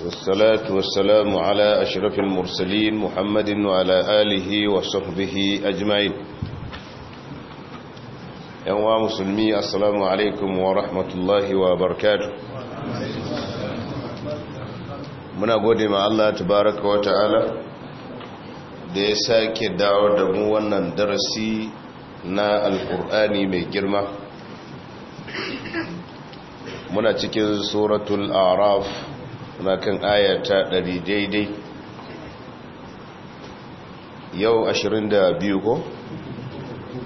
والصلاة والسلام على أشرف المرسلين محمد وعلى آله وصحبه أجمعين يوم مسلمي السلام عليكم ورحمة الله وبركاته من أقول مع الله تبارك وتعالى da ya sake dawo da mu wannan darasi na alkur'ani mai girma muna cikin suratul araf kuma kan aya ta 100 daidai yau 22 ko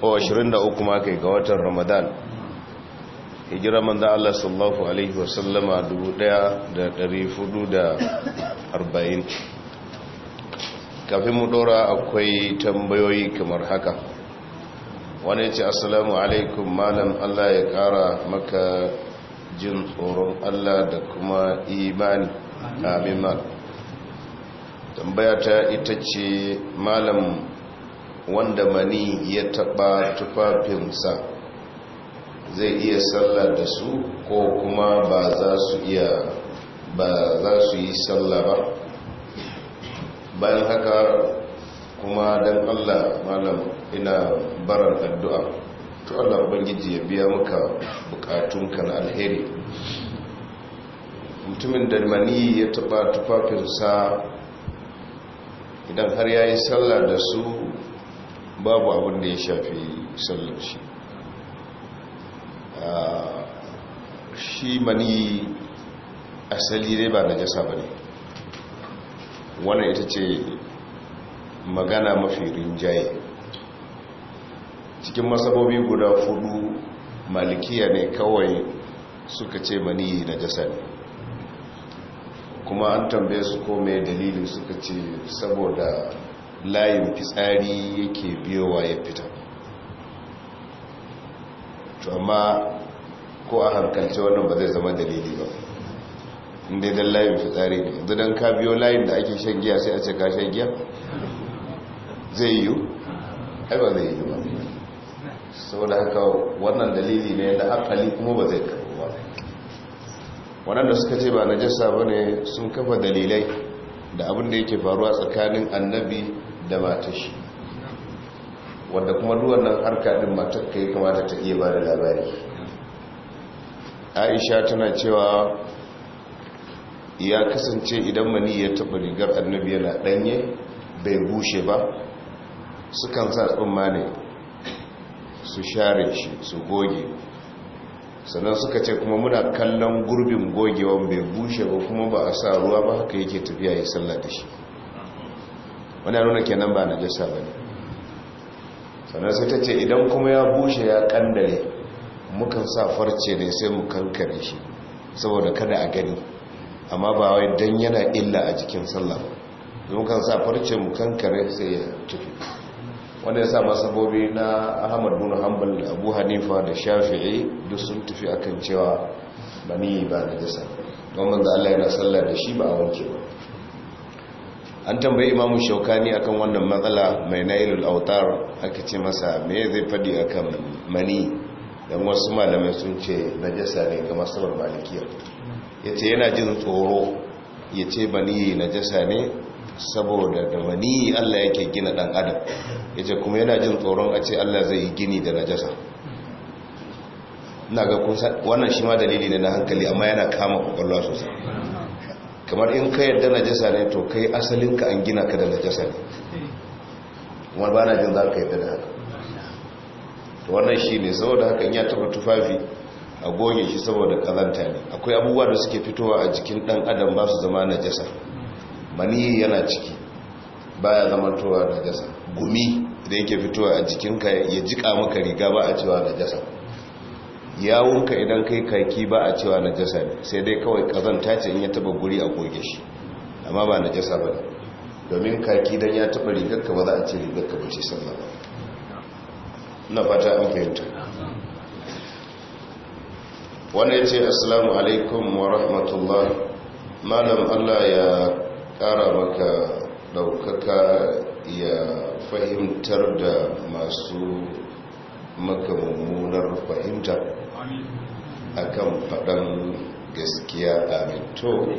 o 23 ma kai ga watan ramadan hijira manzo Allah sallallahu alaihi wasallama 1440 kafin mu dora akwai tambayoyi kamar haka wani ce assalamu alaikum malam Allah ya kara maka jin tsoron Allah da kuma imani amin mal tambaya ta ita ce malam wanda mani ya taba tufafinsa zai iya sallah da su ko kuma ba za su iya ba za su yi sallah ba bayan haka kuma don allah malam ina baran addu'a to allah ubangiji ya biya muka bukatun kan alheri mutumin da mani ya taba tufafinsa idan har ya yi sallah da su babu abin da ya shafi sallar shi ah, shi mani asali dai ba na jasa ba ne wannan ita ce magana mafi rinjaye cikin masabobi guda fudu malikiya ne kawai suka ce mani na jasa ne kuma an tambaye su ko mai dalilin suka ce saboda layin fitsari yake biyowa ya fita to amma ko a hankalce wannan ba zai zama dalili ba inda idan layin fitsari ne yanzu dan ka biyo layin da ake shan giya sai a ce ka shan giya zai yiwu ai ba zai yiwu ba saboda haka wannan dalili ne na akali kuma ba zai ka waɗanda suka ce ba najasa ba ne sun kafa dalilai da abin da yake faruwa tsakanin annabi da shi, wadda kuma duwannan harka ɗin mata ka yi kamata ta iya ba da labari aisha tana cewa ya kasance idan mani ya taɓa rigar annabi yana ɗanye bai bushe ba sukan sa tsumma ne su share shi su goge sannan suka ce kuma muna kallon gurbin gogewan bai bushe ba kuma ba a sa ruwa ba haka yake tafiya ya sallah da shi wani nuna kenan ba na jasa ba ne sannan sai ta ce idan kuma ya bushe ya kandare mukan sa farce ne sai mu kankare shi saboda kada a gani amma ba wai dan yana illa a jikin sallah ba mukan sa farce mu kankare sai ya tafi wanda ya sa masabobi na ahmad bin hanbal abu hanifa da shafi'i duk sun tafi akan cewa bani ba na jasa don manzo Allah yana sallah da shi ba a wanke ba an tambayi imamu shaukani akan wannan matsala mai nailul autar aka ce masa me zai fadi akan mani dan wasu malamai sun ce najasa ne ga masabar Ya yace yana jin tsoro yace bani najasa ne saboda da mani Allah yake gina dan adam yace kuma yana jin tsoron a ce Allah zai yi gini da najasa ina ga kun wannan shi ma dalili ne na hankali amma yana kama kwakwalwa sosai kamar in ka yadda najasa ne to kai asalin ka an gina ka da najasa ne kuma ba na jin za ka yadda da haka to wannan shi ne saboda haka in ya taba tufafi a goge shi saboda kazanta ne akwai abubuwa da suke fitowa a jikin dan adam ba su zama najasa mani yana ciki baya zamantowa da jasa gumi da yake fitowa a jikinka ya jika maka riga ba a cewa na jasa yawunka idan kai kaki ba a cewa na jasa ne sai dai kawai kazanta ce in ya taba guri a goge shi amma ba na jasa ba domin kaki don ya taba rigarka ba za a ce rigarka ba ce sannan ba na fata an fahimta wanda ya ce assalamu alaikum wa rahmatullah malam allah ya ƙara maka ɗaukaka ya fahimtar da masu maka mummunar fahimta akan faɗan gaskiya a to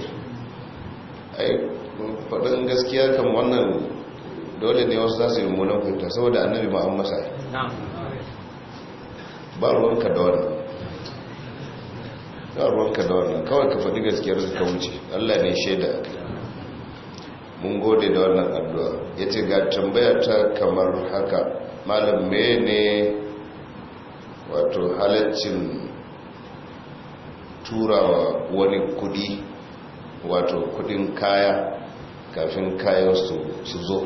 faɗan gaskiya kan wannan dole ne wasu za su yi mummunan fahimta saboda annabi ma'an masa ba ruwanka da wannan ba ruwanka da wannan kawai ka faɗi gaskiyar zuka wuce allah ne shaida a kai mun gode da wannan addu'a ya ce ga tambaya ta kamar haka malam ne wato halaccin turawa wani kudi wato kudin kaya kafin kayan su zo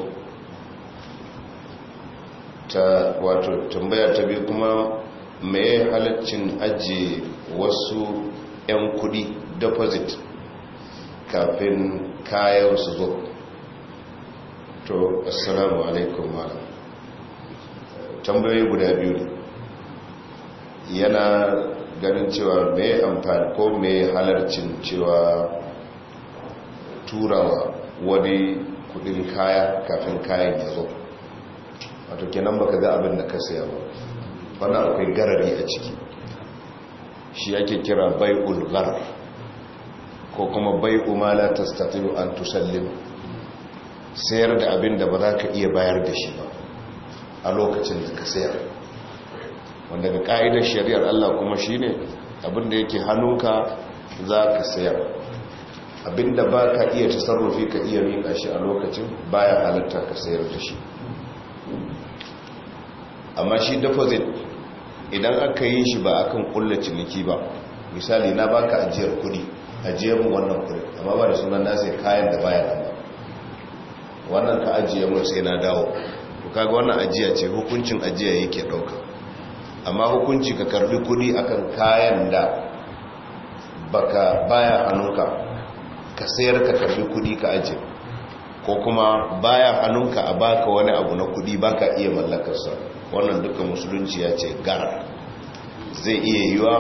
ta wato tambaya ta biyu kuma mai halaccin ajiye wasu 'yan kudi deposit kafin kayan su zo to assalamu alaikum malam tambayoyi guda biyu yana ganin cewa mai amfani ko mai halarcin cewa turawa wani kudin kaya kafin kayan ya zo wato kenan baka za abin da ka saya ba wani akwai garari a ciki shi yake kira bai ulgar ko kuma bai umala ta an tusallin. sayar da abin da ba za ka iya bayar da shi ba a lokacin da ka sayar wanda ga ka'idar shari'ar Allah kuma shine abin da yake hannunka za ka sayar abin da ba ka iya tasarrufi ka iya miƙa shi a lokacin baya halitta ka sayar da shi amma shi deposit idan aka yi shi ba akan kulla ciniki ba misali na baka ajiyar kudi ajiyar wannan kudi amma ba da sunan na kayan da bayan amma wannan ka ajiye mun sai na dawo to kaga wannan ajiya ce hukuncin ajiya yake dauka amma hukunci ka karbi kudi akan kayan da baka baya hannunka ka sayar ka karbi kudi ka ajiye ko kuma baya hannunka a baka wani abu na kudi baka iya mallakarsa wannan duka musulunci ya ce gara zai iya yiwa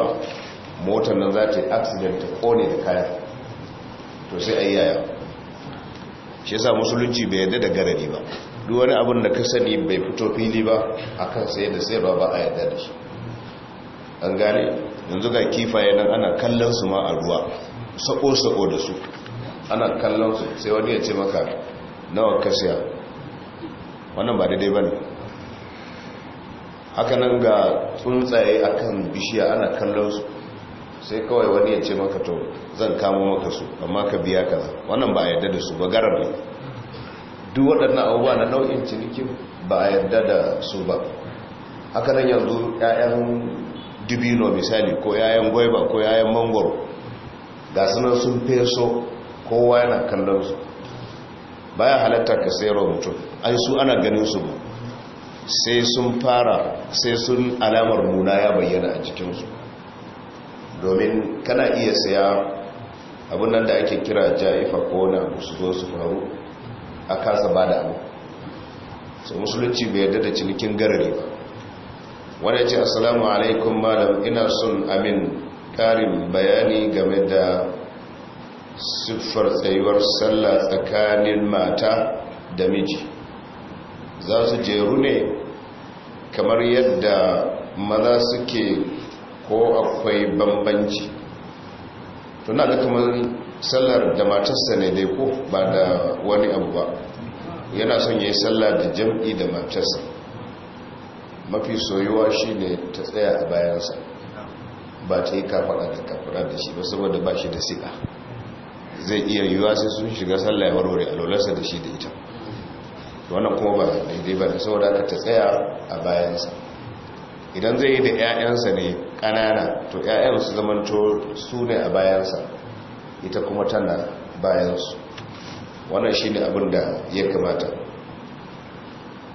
motar nan za ta yi accident ta kone da kayan to sai a yi yaya shi yasa musulunci bai yadda da garari ba duk wani abin da ka sani bai fito fili ba akan sai da sai ba ba a yadda da shi an gane yanzu ga kifaye nan ana kallon su ma a ruwa sako-sako da su ana kallon su sai wani ya ce maka nawa ka siya wannan ba daidai ba ne haka nan ga tsuntsaye akan bishiya ana kallon su sai kawai wani ya ce maka to zan kama maka su amma ka biya ka za wannan ba a yadda da su ba garar ne duk waɗannan abubuwa na nau'in cinikin ba a yadda da su ba haka nan yanzu 'ya'yan dibino misali ko 'ya'yan gwaiba ko 'ya'yan mangoro ga sunan sun feso kowa yana kallon su baya halatta ka sayarwa mutum ai su ana ganin su sai sun fara sai sun alamar muna ya bayyana a jikinsu domin kana iya saya nan da ake kira ja'ifa ko na su zo su faru a kasa ba da abu su musulunci bai yarda da cinikin garari ba Wani ya ce assalamu alaikum malam ina son amin karin bayani game da siffar tsayuwar sallah tsakanin mata da miji za su jeru ne kamar yadda maza suke ko akwai bambanci tuna da kamar sallar da matarsa ne dai ko ba da wani abu ba yana son yi sallar da jam'i da matarsa mafi soyuwa shi ne ta tsaya a bayansa ba ta yi kafaɗa da kafaɗa da shi ba saboda ba shi da siƙa zai iya yiwuwa sai sun shiga sallah ya warware lolarsa da shi da ita wannan kuma ba daidai ba da saboda ta tsaya a bayansa idan zai yi da 'ya'yansa ne ƙanana to 'ya'yansu su zamanto su ne a bayansa ita kuma tana bayansu wannan shi ne abin da ya kamata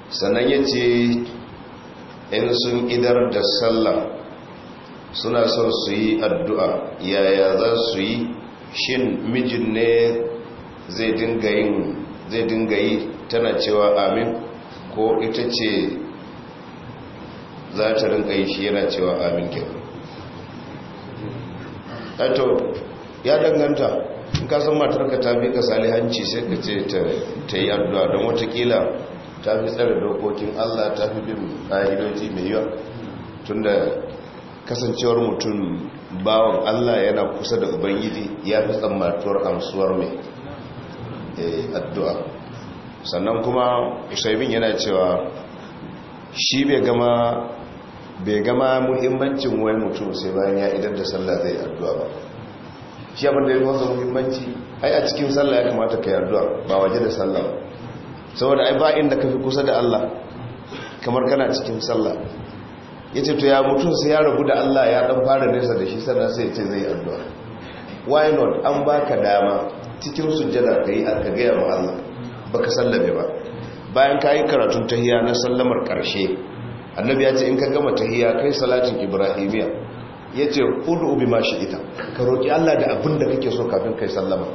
sannan ya ce in sun idar da sallah suna son su yi addu'a yaya za su yi shin mijin ne zai dinga yi tana cewa amin ko ita ce za ta rinka yi shi yana cewa amin kyau ato ya danganta in ka san matar ka ta fi ka hanci sai ka ce ta yi addu'a don watakila ta fi tsara dokokin allah ta fi bin ƙa'idoji mai yiwa. tun da kasancewar mutum bawan allah yana kusa da ubangiji ya fi tsammatuwar amsuwar mai eh, addu'a sannan kuma usaimin yana cewa shi bai gama bai gama muhimmancin wani mutum sai bayan ya idan da sallah zai addu'a ba shi abin da ya masa muhimmanci ai a cikin sallah ya kamata ka yi addu'a ba waje da sallah saboda ai ba inda ka fi kusa da Allah kamar kana cikin sallah ya ce to ya mutum sai ya rabu da Allah ya dan fara nesa da shi sannan sai ya ce zai addu'a why not an baka dama cikin sujjada ka yi ka gaya wa Allah baka sallame ba bayan ka yi karatun tahiya na sallamar karshe annabi ya ce in ka gama tahiyya kai salatin ibrahimiya ya ce udu ubi ma ita ka roƙi Allah da abin da kake so kafin kai sallama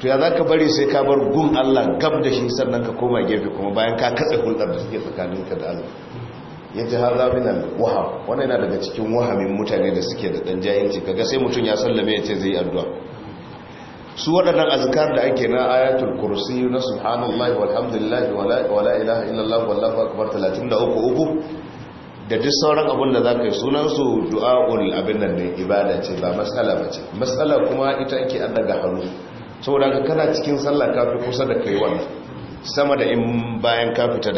to ya za ka bari sai ka bar gun Allah gab da shi sannan ka koma gefe kuma bayan ka katse hulɗar da suke ka da Allah ya ji har min al yana daga cikin wahamin mutane da suke da ɗan jayinci kaga sai mutum ya sallame ya ce zai yi addu'a su waɗannan azkar da ake na ayatul kursi na subhanallahi walhamdulillahi wala ilaha illallah wallahu akbar 33 da duk sauran abin da za ka yi sunansu du'a'ul abin nan da ibada ce ba matsala ba ce matsala kuma ita ake an daga hannu saboda ka kana cikin sallah ka fi kusa da kai wannan sama da in bayan ka fita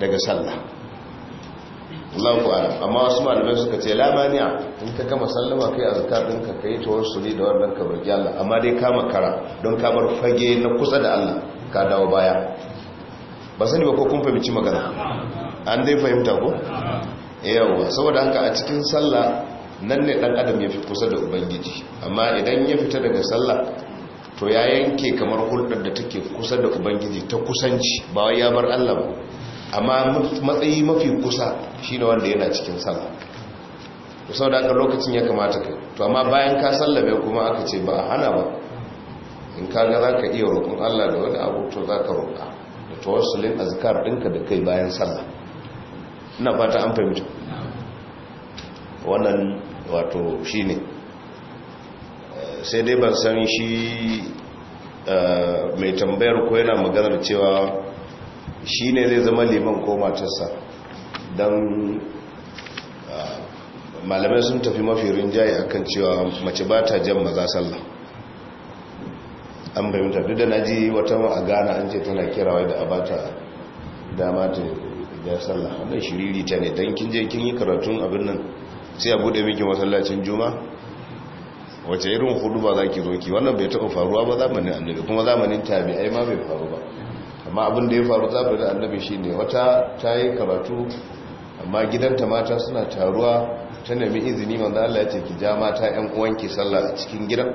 daga sallah Allah ku amma wasu malamai suka ce lamaniya in ka kama sallama kai a din ka kai ne da wannan ka barki Allah amma dai ka makara don ka fage na kusa da Allah ka dawo baya ba sani ba ko kun fahimci magana an dai fahimta ko yawa saboda haka a cikin sallah nan ne dan adam ya fi kusa da ubangiji amma idan ya fita daga sallah to ya yanke kamar hulɗar da take kusa da ubangiji ta kusanci ba wai ya bar Allah ba amma matsayi mafi kusa ne wanda yana cikin sallah to saboda haka lokacin ya kamata ka to amma bayan ka sallame kuma aka ce ba hana ba in ka ga zaka iya roƙon Allah da wani abu to zaka roƙa da tawassulin azkar ɗinka da kai bayan sallah ina fata an fahimta wannan wato shi ne sai dai ban san shi eh, mai tambayar ko yana maganar cewa shi ne zai zama liman ko matarsa don eh, malamai sun tafi mafi rinjaye akan cewa mace ba ta jan maza sallah an bayyanta duk da na ji wata a gana an ce tana kirawa da abata dama ta ya sallah wannan shiriri ta ne don kin je kin yi karatun abin nan sai a bude miki masallacin juma wace irin hudu ba za ki zo ki wannan bai taɓa faruwa ba zamanin annabi kuma zamanin tabi'ai ma bai faru ba amma abin da ya faru zamanin annabi shine wata ta yi karatu amma gidanta mata suna taruwa ta nemi izini manzo Allah ya ce ki ja mata ƴan uwanki sallah a cikin gidan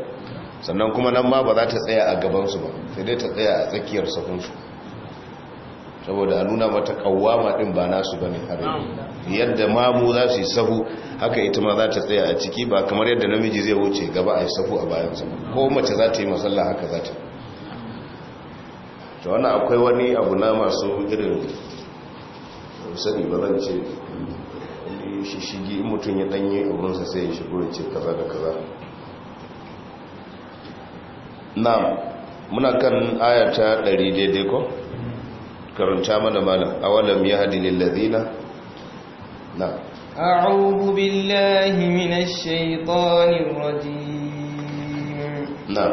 sannan kuma nan ma ba za ta tsaya a gabansu ba sai dai ta tsaya a tsakiyar su. saboda a nuna mata kawama din ba nasu ba ne har yadda mamu za su yi sahu haka ita ma za ta tsaya a ciki ba kamar yadda namiji zai wuce gaba a yi sahu a bayan sa ko mace za ta yi matsala haka za ta ta wani akwai wani abu na masu irin sani ba zan ce shishigi mutum ya danyi abunsa sai ya shigo ya ce kaza da kaza na muna kan ayata 100 daidai ko? karanta mana malam awalam yahdi lil ladina na a'udhu billahi minash shaitanir rajim na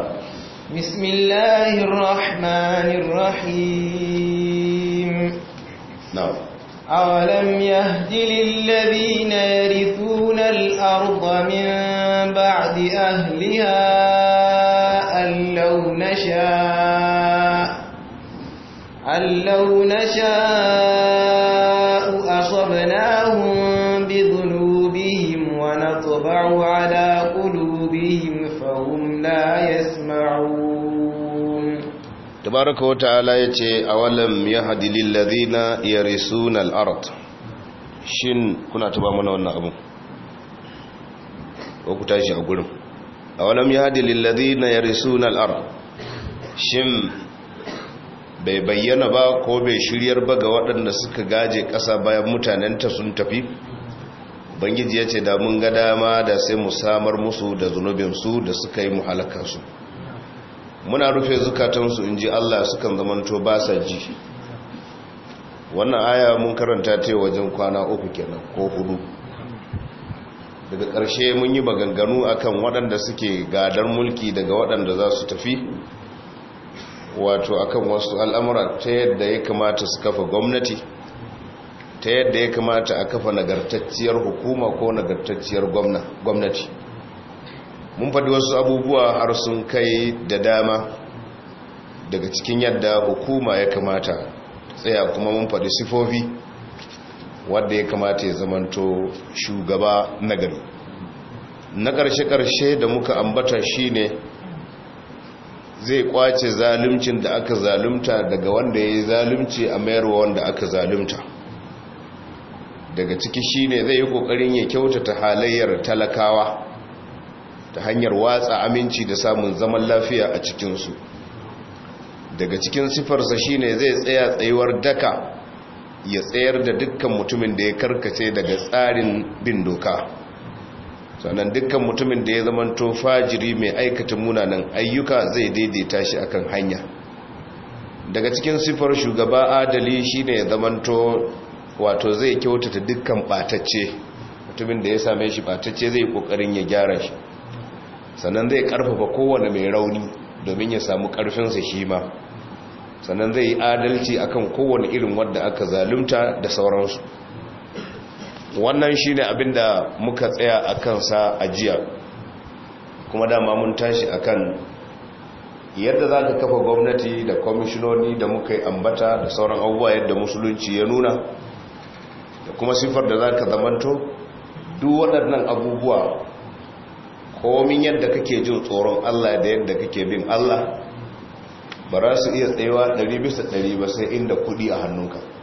bismillahir rahmanir rahim na awalam yahdi lil ladina yarithuna al من min ba'di ahliha لو nasha'a وأن لو نشاء أصبناهم بذنوبهم ونطبع على قلوبهم فهم لا يسمعون تبارك وتعالى يتي أولم يهد للذين يرثون الأرض shin kuna taba mana wannan abin ko ku tashi a gurin awalam yahdi lil ladina yarisuna al-ard shin bai bayyana ba ko bai shiryar ba ga waɗanda suka gaje ƙasa bayan mutanenta sun tafi bangiji ya ce da mun ga dama da sai mu samar musu da zunubinsu da suka yi muhalakansu muna rufe zukatansu in ji allah sukan zamanto ba sa ji wannan aya mun karanta ta wajen kwana uku kenan ko hudu daga ƙarshe mun yi maganganu akan waɗanda suke gadar mulki daga waɗanda za su tafi wato akan wasu al'amura ta yadda ya kamata su kafa gwamnati ta yadda ya kamata a kafa nagartacciyar hukuma ko nagartacciyar gwamnati mun faɗi wasu abubuwa har sun kai da dama daga cikin yadda hukuma ya kamata tsaya kuma mun faɗi sifofi wadda ya kamata ya zamanto shugaba nagari na ƙarshe-ƙarshe da muka ambata shine ne zai kwace zaluncin da aka zalunta daga wanda ya yi zalunci a mayarwa wanda aka zalunta daga ciki shine zai yi kokarin ya kyautata halayyar talakawa ta hanyar watsa aminci da samun zaman lafiya a cikinsu daga cikin sifarsa shine zai tsaya tsayuwar daka ya tsayar da dukkan mutumin da ya karkace daga tsarin bin doka sannan dukkan mutumin da ya zamanto fajiri mai aikata munanan ayyuka zai daidaita shi akan hanya daga cikin sifar shugaba adali shine ya zamanto wato zai kyautata dukkan batacce mutumin da ya same shi batacce zai kokarin ya gyara shi sannan zai karfafa kowane mai rauni domin ya samu sa shi ma sannan zai yi adalci akan kowane irin wanda aka zalunta da sauransu wannan shi ne da muka tsaya a kansa a jiya kuma dama mun tashi a kan yadda za ka kafa gwamnati da kwamishinoni da muka yi ambata da sauran abubuwa yadda musulunci ya nuna da kuma siffar da za ka zamanto duk waɗannan abubuwa komin yadda kake jin tsoron allah da yadda kake bin allah ba za su iya tsayawa 100 bisa 100 ba sai inda kuɗi a hannunka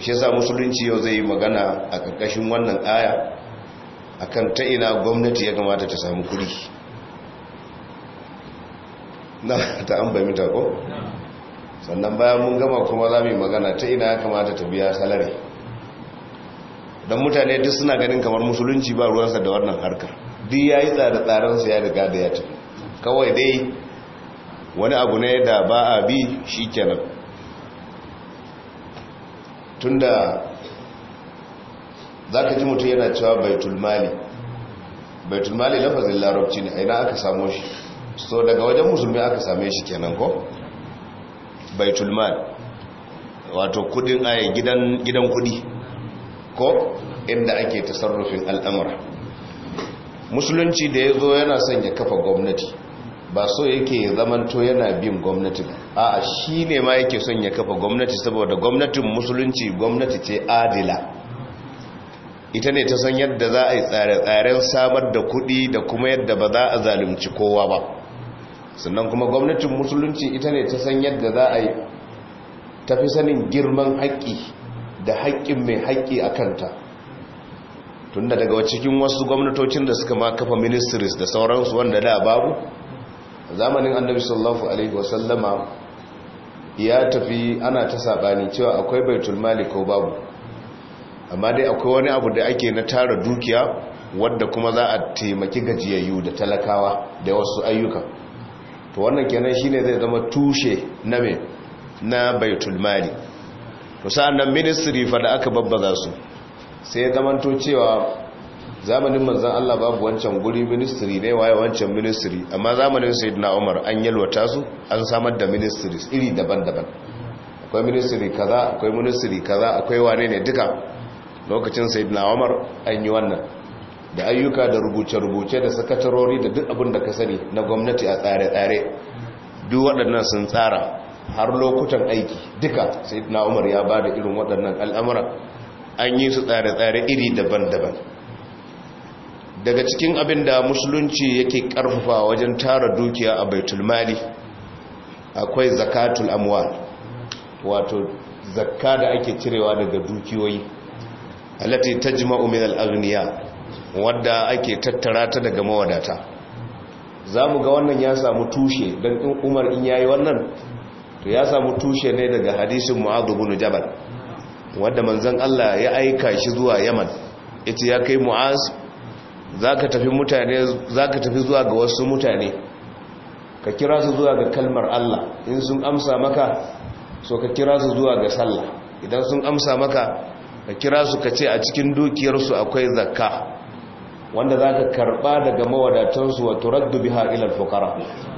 shi yasa musulunci yau zai yi magana a ƙarƙashin wannan aya akan ta ina gwamnati ya kamata ta samu kuɗi na ta an bai mita sannan bayan mun gama kuma za mu magana ta ina ya kamata ta biya salari don mutane duk suna ganin kamar musulunci ba ruwansa da wannan harkar duk ya yi tsada tsarensa ya riga da ya ta kawai dai wani abu ne da ba a bi shi kenan tunda za ka ji mutum yana cewa baitulmali baitulmali lafazin larabci ne aina aka samo shi so daga wajen musulmi aka same shi kenan ko baitulmali wato kudin aya gidan kudi ko inda ake tasarrufin al'amura musulunci da ya zo yana son ya kafa gwamnati ba so yake zamanto yana bin gwamnati a shi ne ma yake son ya kafa gwamnati saboda gwamnatin musulunci gwamnati ce adila ita ne ta san yadda za a yi tsare-tsaren samar da kuɗi da kuma yadda ba za a zalunci kowa ba sannan kuma gwamnatin musulunci ita ne ta san yadda za a yi tafi sanin girman haƙƙi da haƙƙin mai haƙƙi a kanta tunda daga cikin wasu gwamnatocin da suka ma kafa ministries da sauransu wanda da babu zamanin annabi sallallahu alaihi wasallama ya tafi ana ta sabani cewa akwai baitul mali ko babu amma dai akwai wani abu da ake na tara dukiya wanda kuma za a taimaki gajiyayyu da talakawa da wasu ayyuka to wannan kenan shine zai zama tushe na me na baitul mali to sa'an nan ministry fa da aka babbaza su sai ya zamanto cewa zamanin manzan Allah babu wancan guri ministry ne waye wancan ministry amma zamanin sayyidina Umar an yalwata su an samar da ministries iri daban-daban akwai ministry kaza akwai ministry kaza akwai wane ne duka lokacin sayyidina Umar an yi wannan da ayyuka da rubuce-rubuce da sakatarori da duk abin da ka sani na gwamnati a tsare-tsare duk waɗannan sun tsara har lokutan aiki duka sayyidina Umar ya bada irin waɗannan al'amuran an yi su tsare-tsare iri daban-daban daga cikin abin da musulunci yake karfafa wajen tara dukiya a baitul mali akwai zakatul amwal wato zakka da ake cirewa daga dukiyoyi alati tajma'u min al-aghniya wadda ake tattara ta daga mawadata zamu ga wannan ya samu tushe dan in Umar in yayi wannan to ya samu tushe ne daga hadisin Mu'adh ibn Jabal wanda manzon Allah ya aika shi zuwa Yaman ita ya kai Mu'adh zaka tafi mutane zaka tafi zuwa ga wasu mutane ka kira su zuwa ga kalmar Allah in sun amsa maka so ka kira su zuwa ga sallah idan sun amsa maka ka kira su ka ce a cikin dukiyarsu akwai zakka wanda zaka karba daga mawadatansu wa turaddu biha ila al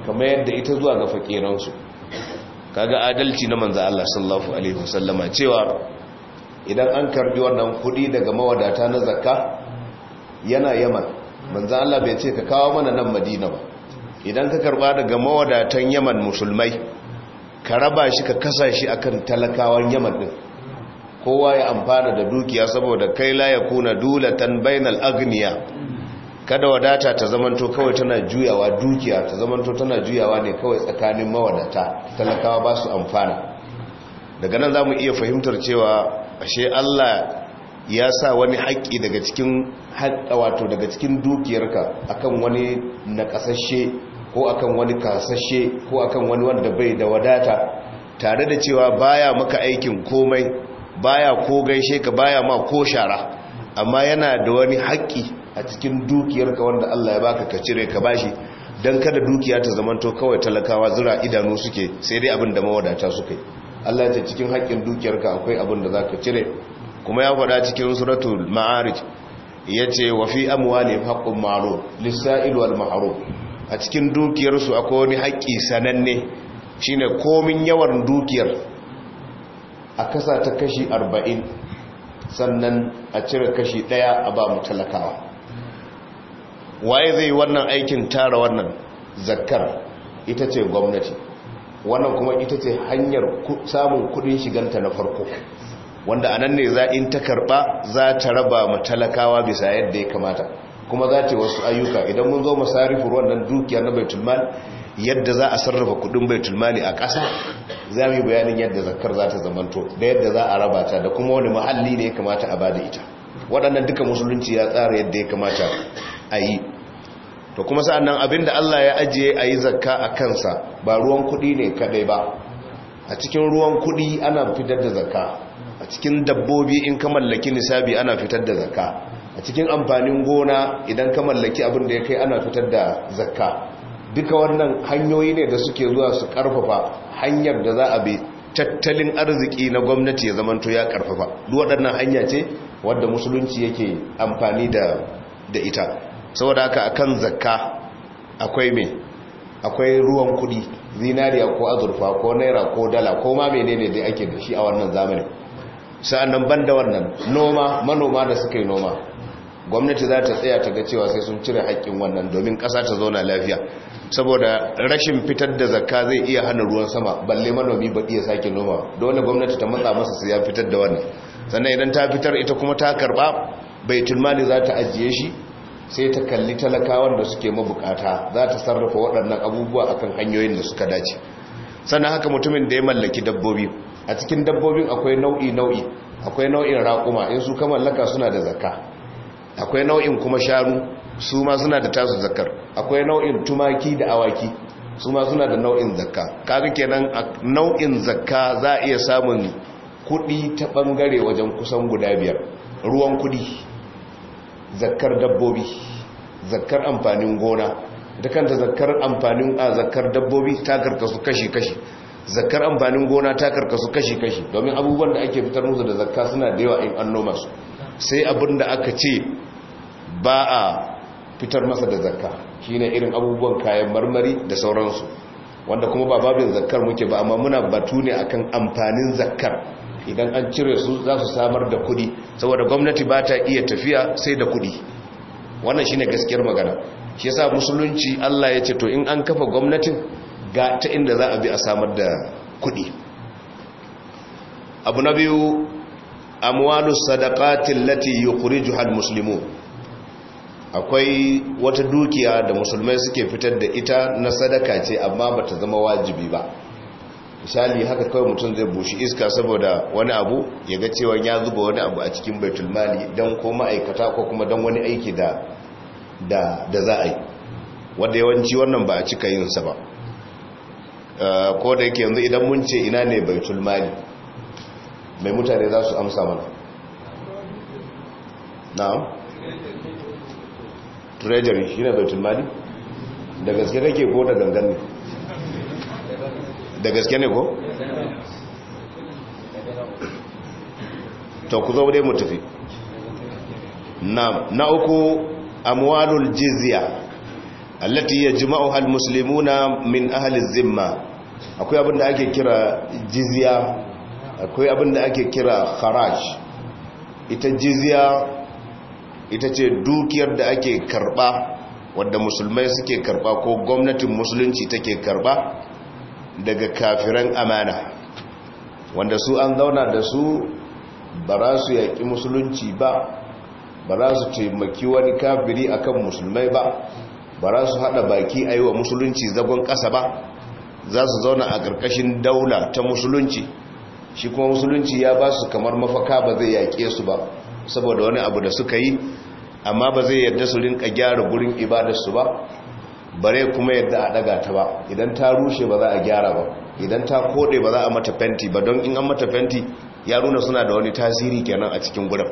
kamar yadda ita zuwa ga fakiransu kaga adalci na manzo Allah sallallahu alaihi wasallama cewa idan an karbi wannan kudi daga mawadata na zakka yana yaman manzan Allah bai ce ka kawo mana nan madina ba idan ka karba daga mawadatan yaman musulmai ka raba shi ka kasa shi a kan talakawan yaman din kowa ya amfana da dukiya saboda kai laye kuna dulatan bainal agniya kada wadata ta zamanto kawai tana juyawa dukiya ta zamanto tana juyawa ne kawai tsakanin mawadata talakawa ba su amfana daga nan za mu iya fahimtar cewa ashe Allah ya sa wani haƙƙi daga cikin wato daga cikin dukiyarka akan wani nakasashe ko akan wani kasashe ko akan wani wanda bai da wadata tare da cewa baya maka aikin komai baya ko gaishe ka baya ma ko shara amma yana da wani haƙƙi a cikin dukiyarka wanda Allah ya baka ka cire ka bashi don kada dukiya ta zamanto kawai talakawa zura idanu suke sai dai abin da mawadata suke Allah ya ce cikin haƙƙin dukiyarka akwai abin da za ka cire kuma ya faɗa cikin suratul ma'arij ya ce wa fi amwali haƙƙun Maro, lissa'il wal a cikin dukiyarsu akwai wani haƙƙi sananne shine komin yawan dukiyar a kasa ta kashi arba'in sannan a cire kashi ɗaya a ba mu talakawa waye zai wannan aikin tara wannan zakkar ita ce gwamnati wannan kuma ita ce hanyar samun kudin shiganta na farko wanda anan ne za in ta karba za ta raba talakawa bisa yadda ya kamata kuma za ta wasu ayyuka idan mun zo masarifin wannan dukiya na baitul mal yadda za a sarrafa kudin baitul mali a ƙasa za mu yi bayanin yadda zakar za ta zamanto da yadda za a raba ta da kuma wani muhalli ne ya kamata a bada ita waɗannan duka musulunci ya tsara yadda ya kamata a yi to kuma sa'annan abinda Allah ya ajiye a yi zakka a kansa ba ruwan kuɗi ne kaɗai ba a cikin ruwan kuɗi ana fitar da zakka a cikin dabbobi in ka mallaki nisabi ana fitar da zakka a cikin amfanin gona idan ka mallaki abin da ya kai ana fitar da zakka duka wannan hanyoyi ne da suke zuwa su karfafa hanyar da za a bi tattalin arziki na gwamnati ya zamanto ya karfafa duk waɗannan hanya ce wadda musulunci yake amfani da da ita saboda haka akan zakka akwai me akwai ruwan kudi zinariya ko azurfa ko naira ko dala ko ma menene dai ake da shi a wannan zamanin ban banda wannan noma manoma da suka yi noma gwamnati za ta tsaya ta ga cewa sai sun cire haƙƙin wannan domin ƙasa ta zauna lafiya saboda rashin fitar da zakka zai iya hana ruwan sama balle manomi ba iya sake noma dole gwamnati ta matsa masa su ya fitar da wannan sannan idan ta fitar ita kuma ta karba baitul mali za ta ajiye shi sai ta kalli talakawan da suke mabukata za ta sarrafa waɗannan abubuwa akan hanyoyin da suka dace sannan haka mutumin da ya mallaki dabbobi a cikin dabbobin akwai nau'i nau'i akwai nau'in raƙuma in su ka mallaka suna da zakka akwai nau'in kuma sharu su ma suna da tasu zakkar akwai nau'in tumaki da awaki su ma suna da nau'in zakka kaga kenan nau'in zakka za a iya samun kuɗi ta ɓangare wajen kusan guda biyar ruwan kuɗi zakkar dabbobi zakkar amfanin gona da kanta zakkar amfanin a zakkar dabbobi ta karkasu kashi-kashi zakkar amfanin gona ta karkasu kashi-kashi domin abubuwan da ake fitar musu da zakka suna da yawa in an noma su sai abin da aka ce ba a fitar masa da zakka shine irin abubuwan kayan marmari da sauransu wanda kuma ba babin zakkar muke ba amma muna batu ne akan amfanin zakkar idan an cire su za su samar da kudi saboda gwamnati ba ta iya tafiya sai da kudi wannan shine gaskiyar magana shi yasa musulunci Allah ya ce to in an kafa gwamnatin ga ta inda za a bi a samar da kuɗi abu na biyu amwalu sadakatin lati yukhrijuha almuslimun akwai wata dukiya da musulmai suke fitar da ita na sadaka ce amma bata zama wajibi ba misali haka kawai mutum zai bushi iska saboda wani abu ya ga cewa ya zuba wani abu a cikin baitul mali don ko ma'aikata ko kuma dan wani aiki da da za a yi wanda yawanci wannan ba a cika yin sa ba Eh, ko da yake yanzu idan mun ce ina ne baitul mali mai mutane za su amsa mana na'am treasury shi ne baitul mali da gaske kake ko da gangan ne da gaske ne ko? ta ku zaune mutufi na uku amwalul jizya allati yajma'uha almuslimuna min ahli zimma akwai abin da ake kira jizya akwai abin da ake kira kharaj ita jizya ita ce dukiyar da ake karba wadda musulmai suke karba ko gwamnatin musulunci take karba daga kafiran amana wanda su an zauna da su ba za su yaƙi musulunci ba ba za su taimaki wani kafiri akan musulmai ba ba za su haɗa baki a yi wa musulunci zagon ƙasa ba za su zauna a ƙarƙashin daula ta musulunci shi kuma musulunci ya ba su kamar mafaka ba zai yaƙe su ba saboda wani abu da suka yi amma ba zai yarda su rinka gyara gurin ibadarsu ba bare kuma yadda a daga ta ba idan ta rushe ba za a gyara ba idan ta kode ba za a mata fenti ba don in an mata fenti ya nuna suna da wani tasiri kenan a cikin gurin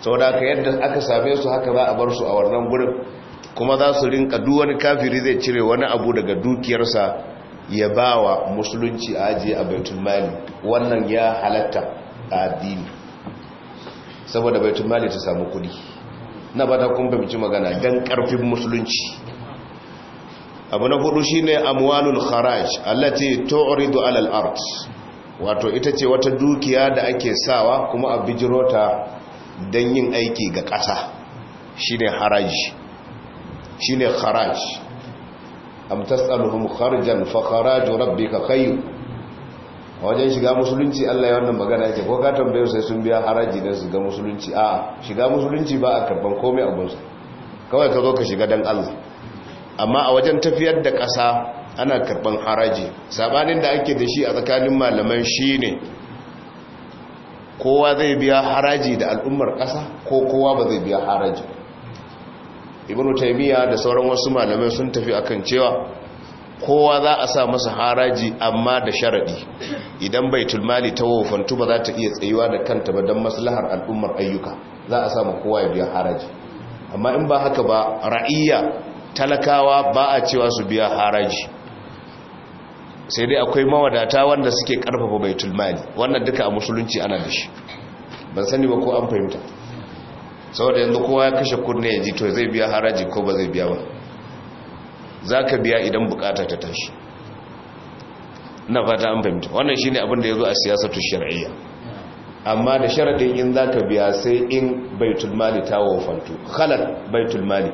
saboda ka yadda aka same su haka za a bar su a wannan gurin kuma za su rinka duwani kafiri zai cire wani abu daga dukiyarsa ya ba wa musulunci a ajiye a baitul mali wannan ya halatta a addini saboda baitul mali ta samu kudi na ba ta kun magana don karfin musulunci abu na hudu shine amwalul kharaj allati tu'ridu alal art. wato ita ce wata dukiya da ake sawa kuma a bijirota don yin aiki ga ƙasa ne haraji Shi ne kharaj am tasaluhum kharjan fa kharaju rabbika khayr wajen shiga musulunci Allah ya wannan magana yake ko ka tambaye sai sun biya haraji dan shiga musulunci a shiga musulunci ba a karban komai a sa kawai ka zo ka shiga dan Allah amma a wajen tafiyar da ƙasa ana karban haraji sabanin da ake da shi a tsakanin malaman shine kowa zai biya haraji da al'ummar ƙasa ko kowa ba zai biya haraji ibn taymiya da sauran wasu malamai sun tafi akan cewa kowa za a sa masa haraji amma da sharadi idan baitul mali ta wofantu ba za ta iya tsayuwa da kanta ba don maslahar al'ummar ayyuka za a sa ma kowa ya biya haraji amma in ba haka ba ra'iyya talakawa ba a cewa su biya haraji sai dai akwai mawadata wanda suke karfafa baitul mali wannan duka a musulunci ana da shi ban sani ba ko an fahimta saboda yanzu kowa ya kashe kunne ya ji to zai biya haraji ko ba zai biya ba za ka biya idan bukata ta tashi na fata an fahimta wannan shine abin da ya zo a siyasatu shari'a. amma da sharadin in za ka biya sai in bai tulmali ta wofantu halar bai tulmali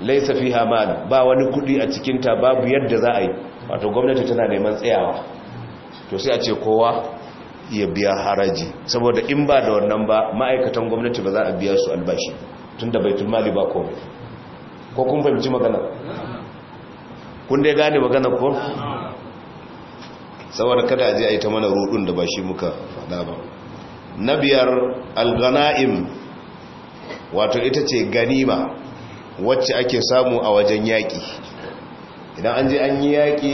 laisa fi mal ba wani kudi a cikinta babu yadda za a yi wato gwamnati tana neman tsayawa to sai a ce kowa ya biya haraji saboda in ba da wannan ba ma'aikatan gwamnati ba za a biya su albashi tun da baitul mali ba komai ko kun fahimci magana kun dai gane magana ko saboda kada a je a yi ta mana rudun da ba shi muka faɗa ba na biyar alganaim wato ita ce ganima wacce ake samu a wajen yaƙi idan an je an yi yaƙi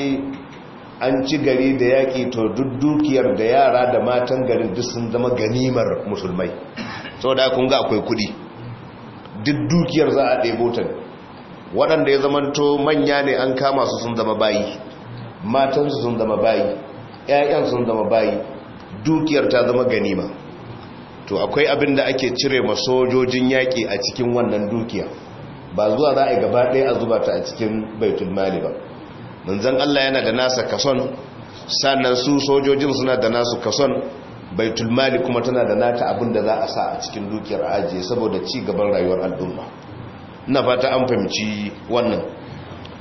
an ci gari da yaƙi to duk dukiyar da yara da matan garin duk sun zama ganimar musulmai sau da kun ga akwai kuɗi duk dukiyar za a ɗebo ta waɗanda ya zamanto manya ne an kama su sun zama bayi Matan su sun zama bayi 'ya'yan sun zama bayi dukiyar ta zama ganima to akwai abin da ake cire ma sojojin yaƙi a cikin wannan dukiya ba zuwa za a yi gaba ɗaya a zuba ta a cikin baitulmali ba manzan Allah yana da nasa kason sannan su sojojin suna da nasu kason baitul mali kuma tana da nata abin da za a sa a cikin dukiyar ajiye saboda ci gaban rayuwar al'umma ina fata an fahimci wannan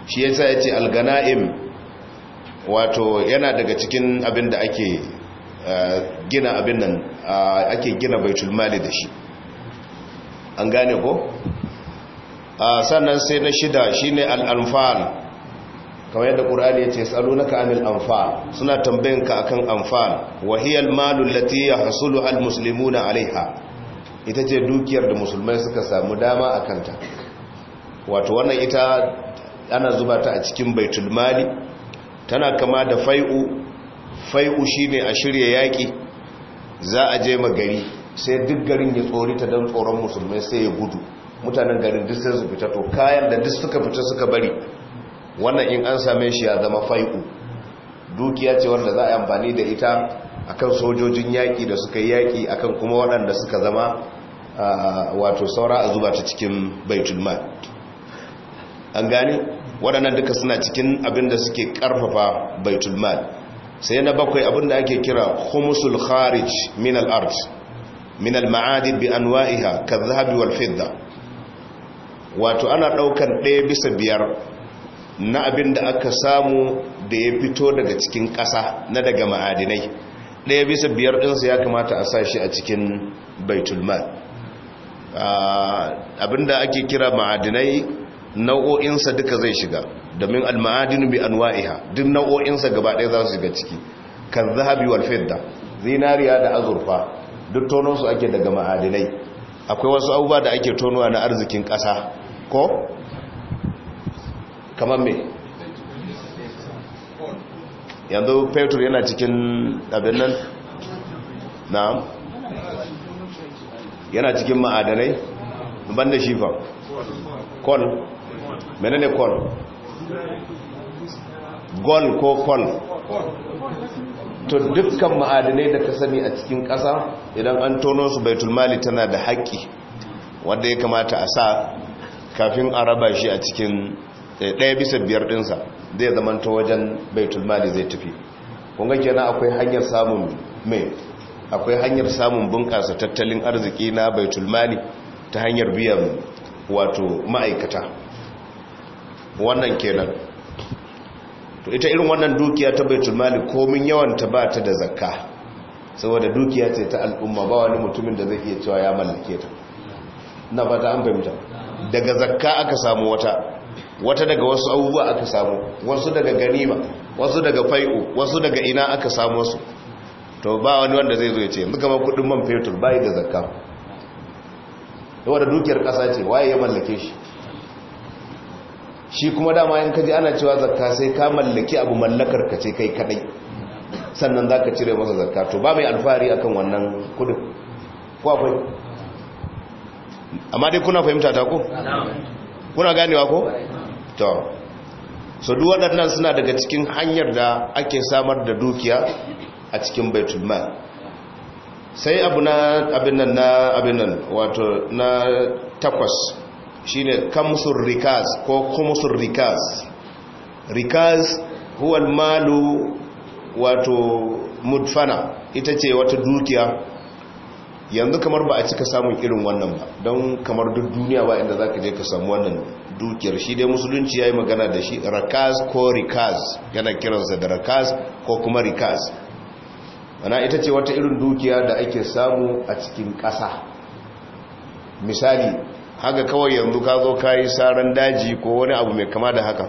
shi yasa yace ce al'gana'im wato yana daga cikin abin da ake eh, gina abin nan eh, ake gina baitul mali da shi an gane ko ah, sannan sai na shida shine al kamar yadda ƙura'ani ya ce na anil amfal suna tambayinka akan amfal wahiyar malul lati hasulu al na alaiha ita ce dukiyar da musulmai suka samu dama a kanta wato wannan ita ana zuba ta a cikin baitul mali tana kama da fai'u fai'u shi ne a shirya yaƙi za a je magari sai duk garin ya tsori ta don tsoron musulmai sai ya gudu mutanen garin duk sai su fita to kayan da duk suka fita suka bari wannan in an same shi ya zama fai'u dukiya ce wanda za a yi amfani da ita akan sojojin yaƙi da suka yi yaƙi akan kuma waɗanda suka zama wato saura a zuba ta cikin baitul mal an gane waɗannan duka suna cikin abin da suke ƙarfafa baitul mal sai na bakwai abin da ake kira Humusul kharij min al-ard min al-ma'adin bi anwa'iha kadh wal-fidda wato ana ɗaukar ɗaya bisa biyar na abin da aka samu da ya fito daga cikin ƙasa na daga ma'adinai ɗaya bisa biyar ɗinsa ya kamata a sa shi a cikin baitulmal ah, abin da ake kira ma'adinai nau'o'insa duka zai shiga domin al-ma'adinu bi anwa'iha duk nau'o'insa gaba ɗaya za su shiga ciki kan zahabi wal fidda zinariya da azurfa duk tononsu ake daga ma'adinai akwai wasu abubuwa da ake tonuwa na arzikin ƙasa ko kamar me yanzu petro yana cikin abin nan na yana cikin ma'adanai ban da shifa kol menene kol gol ko kol to dukkan ma'adanai da ta sani a cikin ƙasa idan an tono su baitulmali tana da haƙƙi wadda ya kamata a sa kafin a raba shi a cikin Eh, ɗaya bisa biyar ɗinsa zai zamanta wajen baitul mali zai tafi kunga kenan akwai hanyar samun mai akwai hanyar samun bunƙasa tattalin arziki na baitul mali ta hanyar biyan wato ma'aikata wannan kenan to ita irin wannan dukiya ta baitul mali komin yawan ta ba ta da zakka saboda dukiya ce ta al'umma ba wani mutumin da zai iya cewa ya mallake ta na ta an fahimta daga zakka aka samu wata wata daga wasu abubuwa aka samu wasu daga ganima wasu daga fai'u wasu daga ina aka samu su to ba wani wanda zai zo ya ce muka ma kudin man fetur bai da zakka yawa da dukiyar kasa ce waye ya mallake shi shi kuma dama in kaji ana cewa zakka sai ka mallaki abu mallakar ka ce kai kadai sannan za ka cire masa zakka to ba mai alfahari akan wannan kudin ko akwai amma dai kuna fahimta ta ko kuna ganewa ko so duk waɗannan suna daga cikin hanyar da ake samar da dukiya a cikin baitul mal sai abu na abin nan na abin wato na takwas shine kamsur rikaz ko kumsur rikaz rikaz huwa malu wato mudfana ita ce wata dukiya yanzu kamar ba a cika samun irin wannan ba don kamar duk duniya ba inda za ka je ka samu wannan dukiyar shi dai musulunci ya yi magana da shi rakaz ko rikaz yana kiransa da rakaz ko kuma rikaz mana ita ce wata irin dukiya da ake samu a cikin kasa. misali haka kawai yanzu ka zo ka yi saran daji ko wani abu mai kama da haka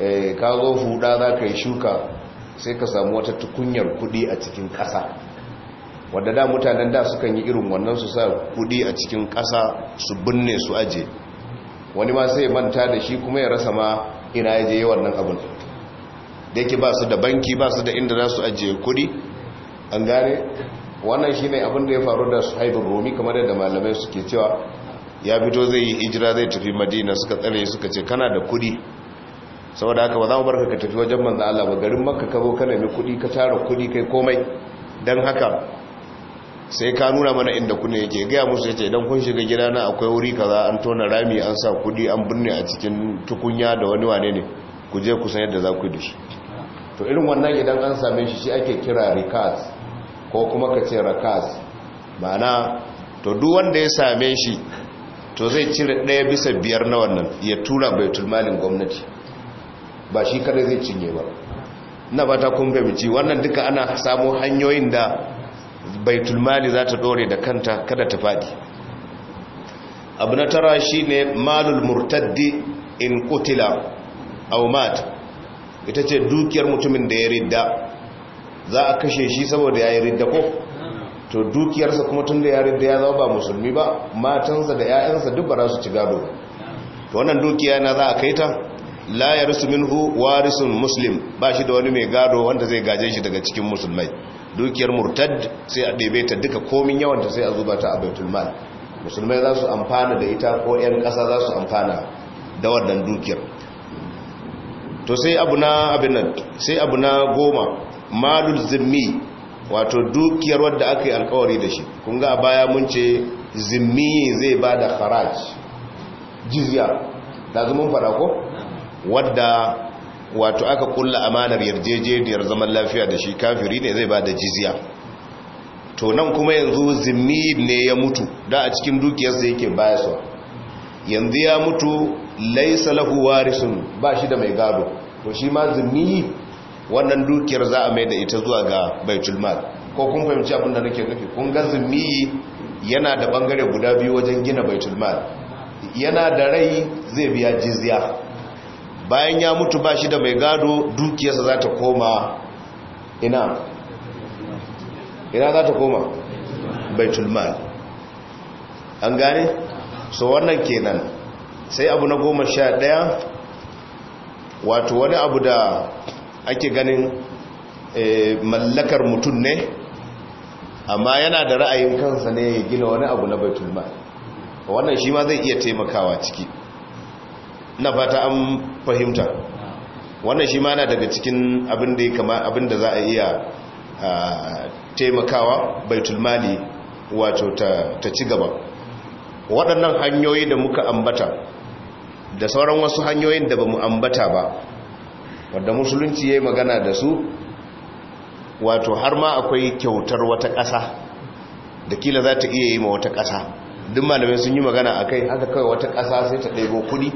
eh, ka zo fuda za ka yi shuka sai ka samu wata tukunyar kuɗi a cikin ƙasa wadda da mutanen da sukan yi irin wannan su sa kudi a cikin kasa su binne su aje wani ma sai manta da shi kuma ya rasa ma ina ya je wannan abin da yake ba su da banki ba su da inda za su ajiye kudi an gane wannan shi ne abin da ya faru da su haibin romi kamar yadda malamai suke cewa ya fito zai yi hijira zai tafi madina suka tsare suka ce kana da kudi saboda haka ba za mu barka ka tafi wajen manzo Allah ba garin makka ka zo ka nemi kudi ka tara kudi kai komai dan haka sai ka nuna mana inda kuna yake gaya musu ya ce idan kun shiga gida na akwai wuri kaza an tona rami an sa kudi an birni a cikin tukunya da wani wane ne ku je ku san yadda za ku yi da shi to irin wannan idan an same shi shi ake kira rikas ko kuma ka ce rakas ma'ana to duk wanda ya same shi to zai cire ɗaya bisa biyar na wannan ya tura baitul malin gwamnati ba shi kada zai cinye ba na ba ta kun fahimci wannan duka ana samu hanyoyin da baitulmali za ta dore da kanta kada ta fadi abu na tara shi ne malul murtaddi in kutila aumat ita ce dukiyar mutumin da ya ridda za a kashe shi saboda ya yi ridda ko to dukiyarsa kuma tun da ya ridda ya zama ba musulmi ba matansa da 'ya'yansa duk ba su ci gado to wannan dukiya na za a kai ta layar su minhu warisun muslim ba shi da wani mai gado wanda zai gaje shi daga cikin musulmai dukiyar murtad sai a ɗebe ta duka komin yawanta sai a zuba ta a baitul musulmai za su amfana da ita ko 'yan ƙasa za su amfana da wannan dukiyar to sai abu na abin sai abu na goma malul zimmi wato dukiyar wadda aka yi alkawari da shi kun ga a baya mun ce zimmi zai ba da haraj jizya ta zumun fara ko wadda wato aka kulla amanar yarjejeniyar zaman lafiya da shi kafiri ne zai ba da jiziya? to nan kuma yanzu zimmi ne ya mutu da a cikin dukiyarsa yake su yanzu ya mutu laisa lahu warisun ba shi da mai gado to shi ma zimmi wannan dukiyar za a mai da ita zuwa ga baitul mal ko kun fahimci abin da nake nufi kun ga zimmi yana da bangare guda biyu wajen gina baitul mal yana da rai zai biya jizya bayan ya mutu ba shi da mai gado dukiyarsa za ta koma ina ina za ta koma baitulmal an gane so wannan kenan sai abu na goma sha ɗaya wato wani abu da ake ganin eh, mallakar mutum ne amma yana da ra'ayin kansa ne ya gina wani abu na baitulmal wannan shi ma zai iya taimakawa ciki na fata an fahimta wannan shi mana daga cikin abin da za a iya taimakawa baitulmali wato ta ci gaba waɗannan hanyoyi da muka ambata da sauran wasu hanyoyin da ba mu ambata ba wadda musulunci ya yi magana da su wato har ma akwai kyautar wata ƙasa da kila za ta iya yi ma wata ƙasa duk malamai sun yi magana a kai haka kawai wata ƙasa sai ta ɗaibo kuɗi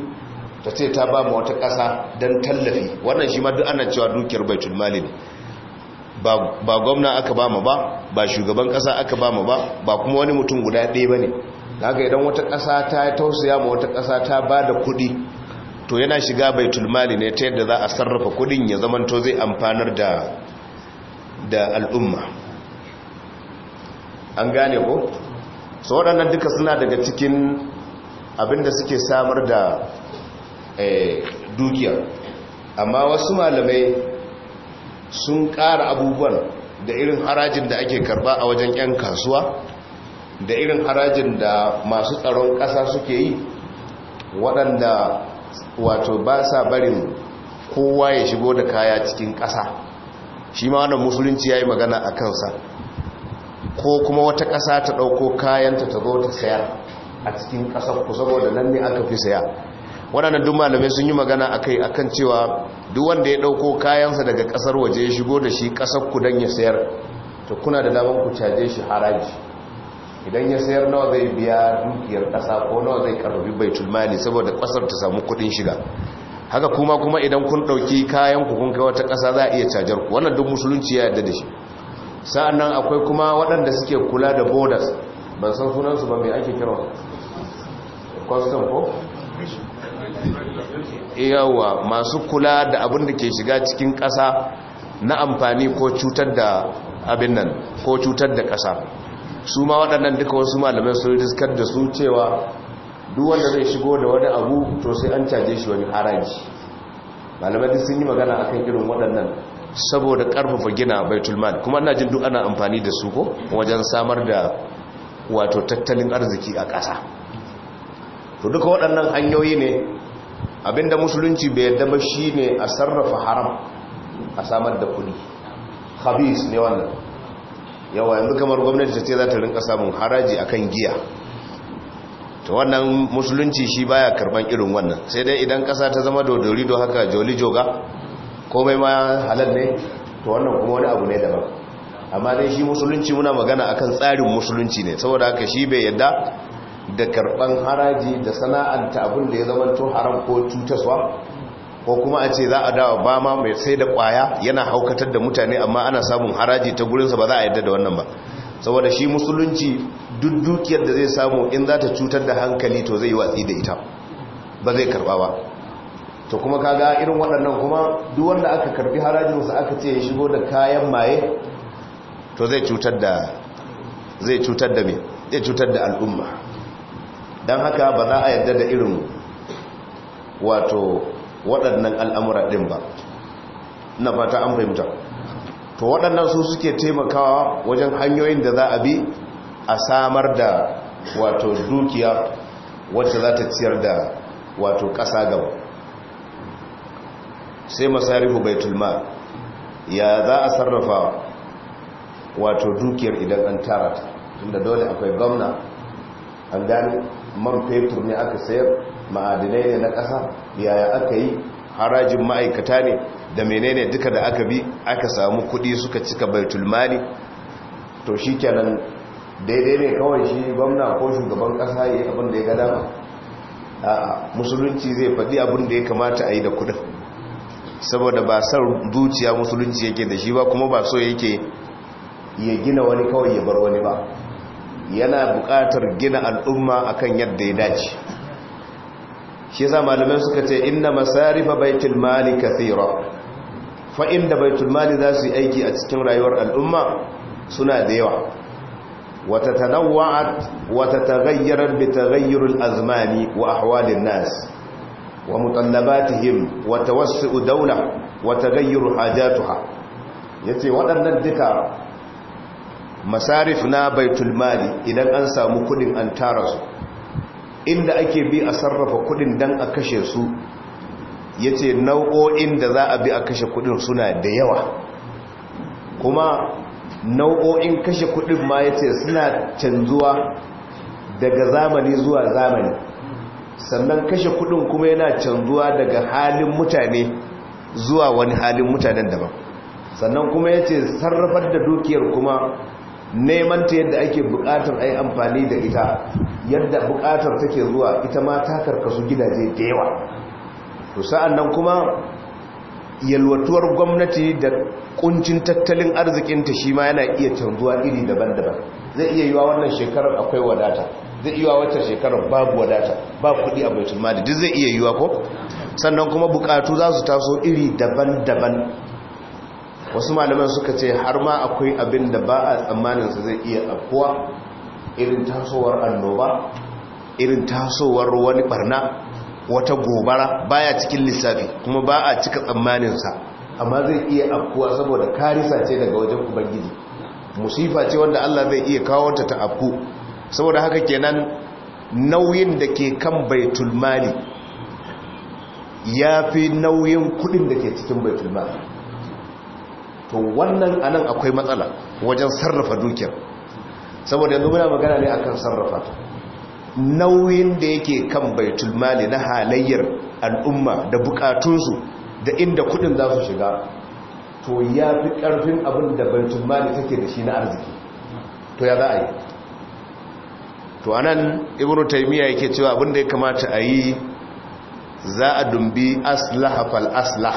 ta ce ta ba wata ƙasa don tallafi wannan shi ma duk ana cewa dukiyar baitul mali ne ba gwamna aka ba mu ba ba shugaban ƙasa aka ba mu ba ba kuma wani mutum guda ɗaya ba ne haka idan wata ƙasa ta tausaya ma wata ƙasa ta ba da kuɗi to yana shiga bai mali ne ta yadda za a sarrafa kuɗin ya zamanto zai amfanar da da al'umma an gane ko so waɗannan duka suna daga cikin abinda suke samar da Eh, dukiya amma wasu malamai sun ƙara abubuwan da irin harajin da ake karba a wajen 'yan kasuwa da irin harajin da masu tsaron ƙasa suke yi waɗanda wato ba sa barin kowa ya shigo da kaya cikin ƙasa shi ma wannan musulunci ya yi magana a kansa ko kuma wata ƙasa ta ɗauko kayanta ta zo ta saya a cikin ƙasar ku saboda nan ne aka fi saya waɗannan duk malamai sun yi magana a kai akan cewa duk wanda ya ɗauko kayansa daga ƙasar waje ya shigo da shi ƙasar ku don ya sayar to kuna da daman ku caje shi haraji idan ya sayar nawa zai biya dukiyar ƙasa ko nawa zai karbi baitul mali saboda ƙasar ta samu kuɗin shiga haka kuma kuma idan kun ɗauki kayan ku kun kai wata ƙasa za a iya cajar ku wannan duk musulunci ya yarda da shi sa'annan akwai kuma waɗanda suke kula da borders ban san sunansu ba mai ake kira custom ko yawa masu kula da abin da ke shiga cikin ƙasa na amfani ko cutar da abin nan ko cutar da ƙasa su ma waɗannan duka wasu malamai sun riskar da su cewa duk wanda zai shigo da wani abu to sai an caje shi wani haraji malamai duk sun yi magana a kan irin waɗannan saboda ƙarfafa gina baitulman kuma ana jin duk ana amfani da su ko wajen samar da wato tattalin arziki a ƙasa to duka waɗannan hanyoyi ne abinda musulunci bai yadda ba shi ne a sarrafa haram a samar da kudi habis ne wannan yawa yanzu kamar gwamnati ta ce za ta rinka samun haraji akan giya to wannan musulunci shi baya karban irin wannan sai dai idan ƙasa ta zama dodori do haka joli joga komai ma halal ne to wannan kuma wani abu ne daban amma dai shi musulunci muna magana akan tsarin musulunci ne saboda haka shi bai yadda da karban haraji da sana'anta abin da ya zamanto haram ko cutaswa ko kuma a ce za a dawa ba ma mai sai da kwaya yana haukatar da mutane amma ana samun haraji ta gurinsa ba za a yadda da wannan ba saboda shi musulunci duk dukiyar da zai samu in za ta cutar da hankali to zai yi watsi da ita ba zai karba ba to kuma kaga irin waɗannan kuma duk wanda aka karbi harajin harajinsa aka ce ya shigo da kayan maye to zai cutar da zai cutar da me zai cutar da al'umma don haka ba za a yarda da irin wato waɗannan al'amura ɗin ba na fata an fahimta to waɗannan su suke taimakawa wajen hanyoyin da za a bi a samar da wato dukiya wacce za ta ciyar da wato ƙasa gaba sai masarifu baitulma ya za a sarrafa wato dukiyar idan an tara tunda dole akwai gwamna an gani man fetur ne aka sayar ma'adinai ne na ƙasa yaya aka yi harajin ma'aikata ne da menene duka da aka bi aka samu kuɗi suka cika bai mali to shi kenan daidai ne kawai shi gwamna ko shugaban ƙasa ya yi abin da ya gada ma? a musulunci zai faɗi abin da ya kamata a yi da kudin saboda ba san zuciya musulunci yake da shi ba kuma ba so yake ya gina wani kawai ya bar wani ba yana buƙatar gina al'umma akan yadda ya dace shi za malamai suka ce inna masarifa baitul mali kathira fa inda baitul mali za su yi aiki a cikin rayuwar al'umma suna da yawa wata tanawwa'at wata tagayyarar bi tagayyurul azmani wa ahwalin nas wa mutallabatihim wa tawassu'u dawla wa tagayyuru hajatuha yace waɗannan duka masarif na baitul mali idan an samu kudin an tara su inda ake bi a sarrafa kudin dan a kashe su yace nau'o'in da za a bi a kashe kudin suna da yawa kuma nau'o'in kashe kudin ma yace suna canzuwa daga zamani zuwa zamani sannan kashe kudin kuma yana canzuwa daga halin mutane zuwa wani halin mutanen daban sannan kuma yace sarrafar da dukiyar kuma neman ta yadda ake bukatar ai amfani da ita yadda bukatar take zuwa ita ma ta karkasu gidaje da yawa to sa'an nan kuma yalwatuwar gwamnati da kuncin tattalin arzikinta shi ma yana iya canzuwa iri daban-daban zai iya yiwa wannan shekarar akwai wadata zai iya wata shekarar babu wadata ba kudi a baitul mali duk zai iya yiwa ko sannan kuma bukatu za su taso iri daban-daban wasu malaman suka ce har ma akwai abin da ba a tsammaninsa zai iya afkuwa irin tasowar annoba irin tasowar wani barna wata gobara baya cikin lissafi kuma ba a cika sa. amma zai iya afkuwa saboda karisa ce daga wajen ubangiji musifa ce wanda allah zai iya kawo ta ta afku saboda haka kenan nauyin da ke kan baitulmali ya fi nauyin kudin da ke cikin baitulmali to wannan anan akwai matsala wajen sarrafa dukiyar saboda yanzu muna magana ne akan sarrafa nauyin da yake kan baitul mali na halayyar al'umma da bukatunsu da inda kudin za su shiga to ya fi karfin abin da baitul mali take da shi na arziki to ya za a yi to anan ibnu taymiya yake cewa abin da ya kamata a yi za a dumbi aslah fal aslah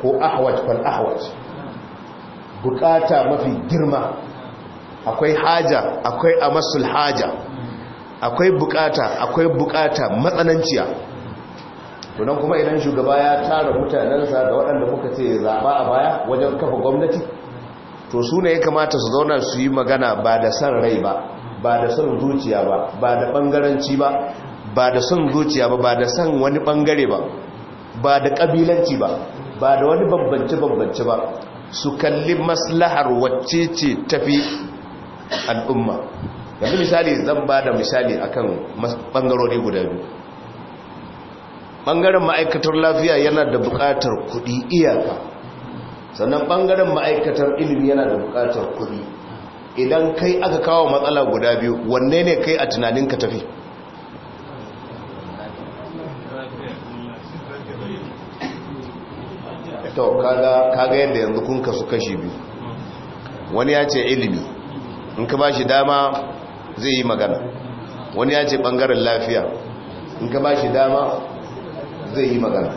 ko ahwaj fal ahwaj bukata mafi girma akwai haja akwai amasul haja akwai bukata akwai bukata matsananciya tunan kuma idan shugaba ya tara mutanensa da waɗanda muka ce zaɓa a baya wajen kafa gwamnati to su ne ya kamata su zauna su yi magana ba da san rai ba ba da san zuciya ba ba da ɓangaranci ba ba da san zuciya ba ba da san wani ɓangare ba ba da ƙabilanci ba ba da wani bambance-bambance ba su kalli maslahar wacce ce tafi al'umma yanzu misali zan ba da misali akan bangarori guda biyu bangaren ma'aikatar lafiya yana da buƙatar kuɗi iyaka sannan bangaren ma'aikatar ilimi yana da buƙatar kuɗi idan kai aka kawo matsala guda biyu wanne ne kai a tunaninka tafi to kaga yadda yanzu kun kasu kashi biyu wani ya ce ilimi in ka ba shi dama zai yi magana wani ya ce bangaren lafiya in ka ba shi dama zai yi magana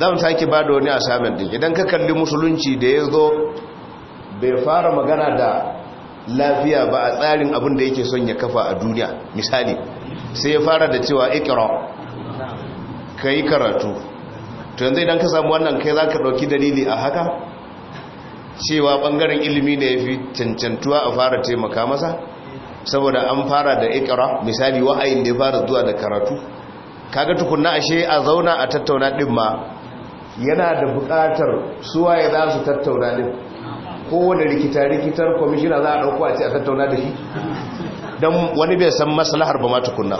zan sake ba da wani asamin da idan ka kalli musulunci da ya zo bai fara magana da lafiya ba a tsarin abin da yake son ya kafa a duniya misali sai ya fara da cewa ikira ka yi karatu to yanzu idan ka samu wannan kai za ka ɗauki dalili a haka cewa ɓangaren ilimi ne ya fi cancantuwa a fara taimaka masa saboda an fara da ikira misali wa'ayin da ya fara zuwa da karatu kaga tukunna ashe a zauna a tattauna ɗin ma yana da buƙatar ya za su tattauna ɗin kowane rikita-rikitar kwamishina za a ɗauko a ce a tattauna da shi don wani bai san maslahar ba ma tukunna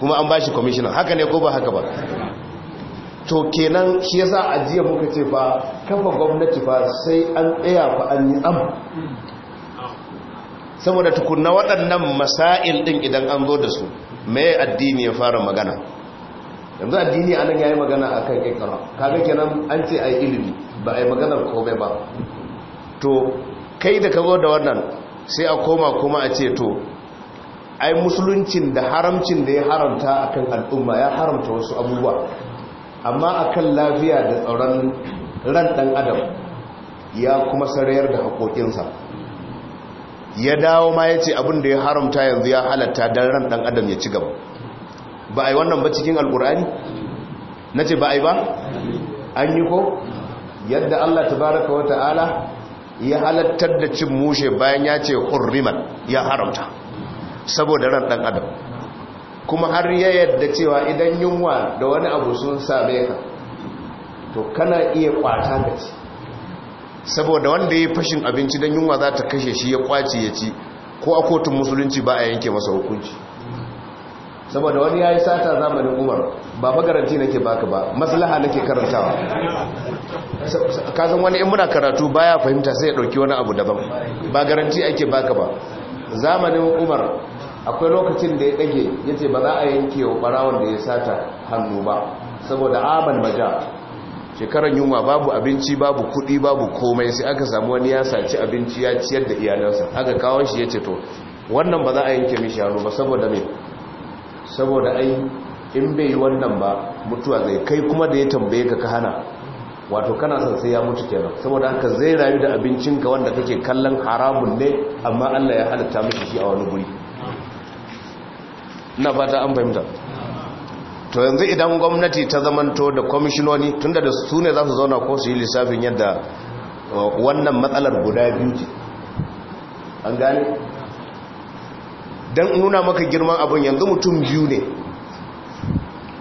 kuma an ba shi kwamishinan haka ne ko ba haka ba to kenan shi yasa jiya muka ce fa kafa gwamnati fa sai an tsaya fa an yi tsam saboda tukunna waɗannan masail ɗin idan an zo da su mai addini ya fara magana yanzu addini a ya yi magana a kan ƙiƙara kaga kenan an ce a yi ilimi ba a yi maganar kome ba to kai da ka zo da wannan sai a koma kuma a ce to ai musuluncin da haramcin da ya haramta akan al'umma ya haramta wasu abubuwa amma akan lafiya da tsaron ran ɗan adam ya kuma sarayar da haƙoƙinsa ya dawo ma ya ce abin da ya haramta yanzu ya halatta don ran ɗan adam ya ci gaba ba a yi wannan ba cikin alƙur'ani na ce ba a yi ba an yi ko yadda allah tabaraka wa ta'ala ya halattar da cin mushe bayan ya ce hurriman ya haramta saboda ran dan adam kuma har ya yadda cewa idan yunwa da wani abu sun same ka to kana iya kwata da ci saboda wanda ya fashin abinci don yunwa za ta kashe shi ya kwaci ya ci ko a kotun musulunci ba a yanke masa hukunci saboda wani ya yi sata zamanin umar ba garanti nake baka ba maslaha nake karantawa Ka san wani in muna karatu baya fahimta sai ya ɗauki wani abu daban ba garanti ake baka ba zamanin umar akwai lokacin da ya ɗage ya ce ba za a yanke wa barawon da ya sata hannu ba saboda aban maja shekarar yunwa babu abinci babu kuɗi babu komai sai aka samu wani ya saci abinci ya ciyar da iyalansa aka kawo shi ya ce to wannan ba za a yanke mishi hannu ba saboda mai saboda ai in bai yi wannan ba mutuwa zai kai kuma da ya tambaye ka ka hana wato kana son sai ya mutu kenan saboda haka zai rayu da abincinka wanda kake kallon haramun ne amma Allah ya halatta mishi shi a wani guri na fata an fahimta to yanzu idan gwamnati ta zamanto da kwamishinoni tunda da su ne za su zauna ko su yi lissafin yadda uh, wannan matsalar guda biyu ce an gane don nuna maka girman abin yanzu mutum biyu ne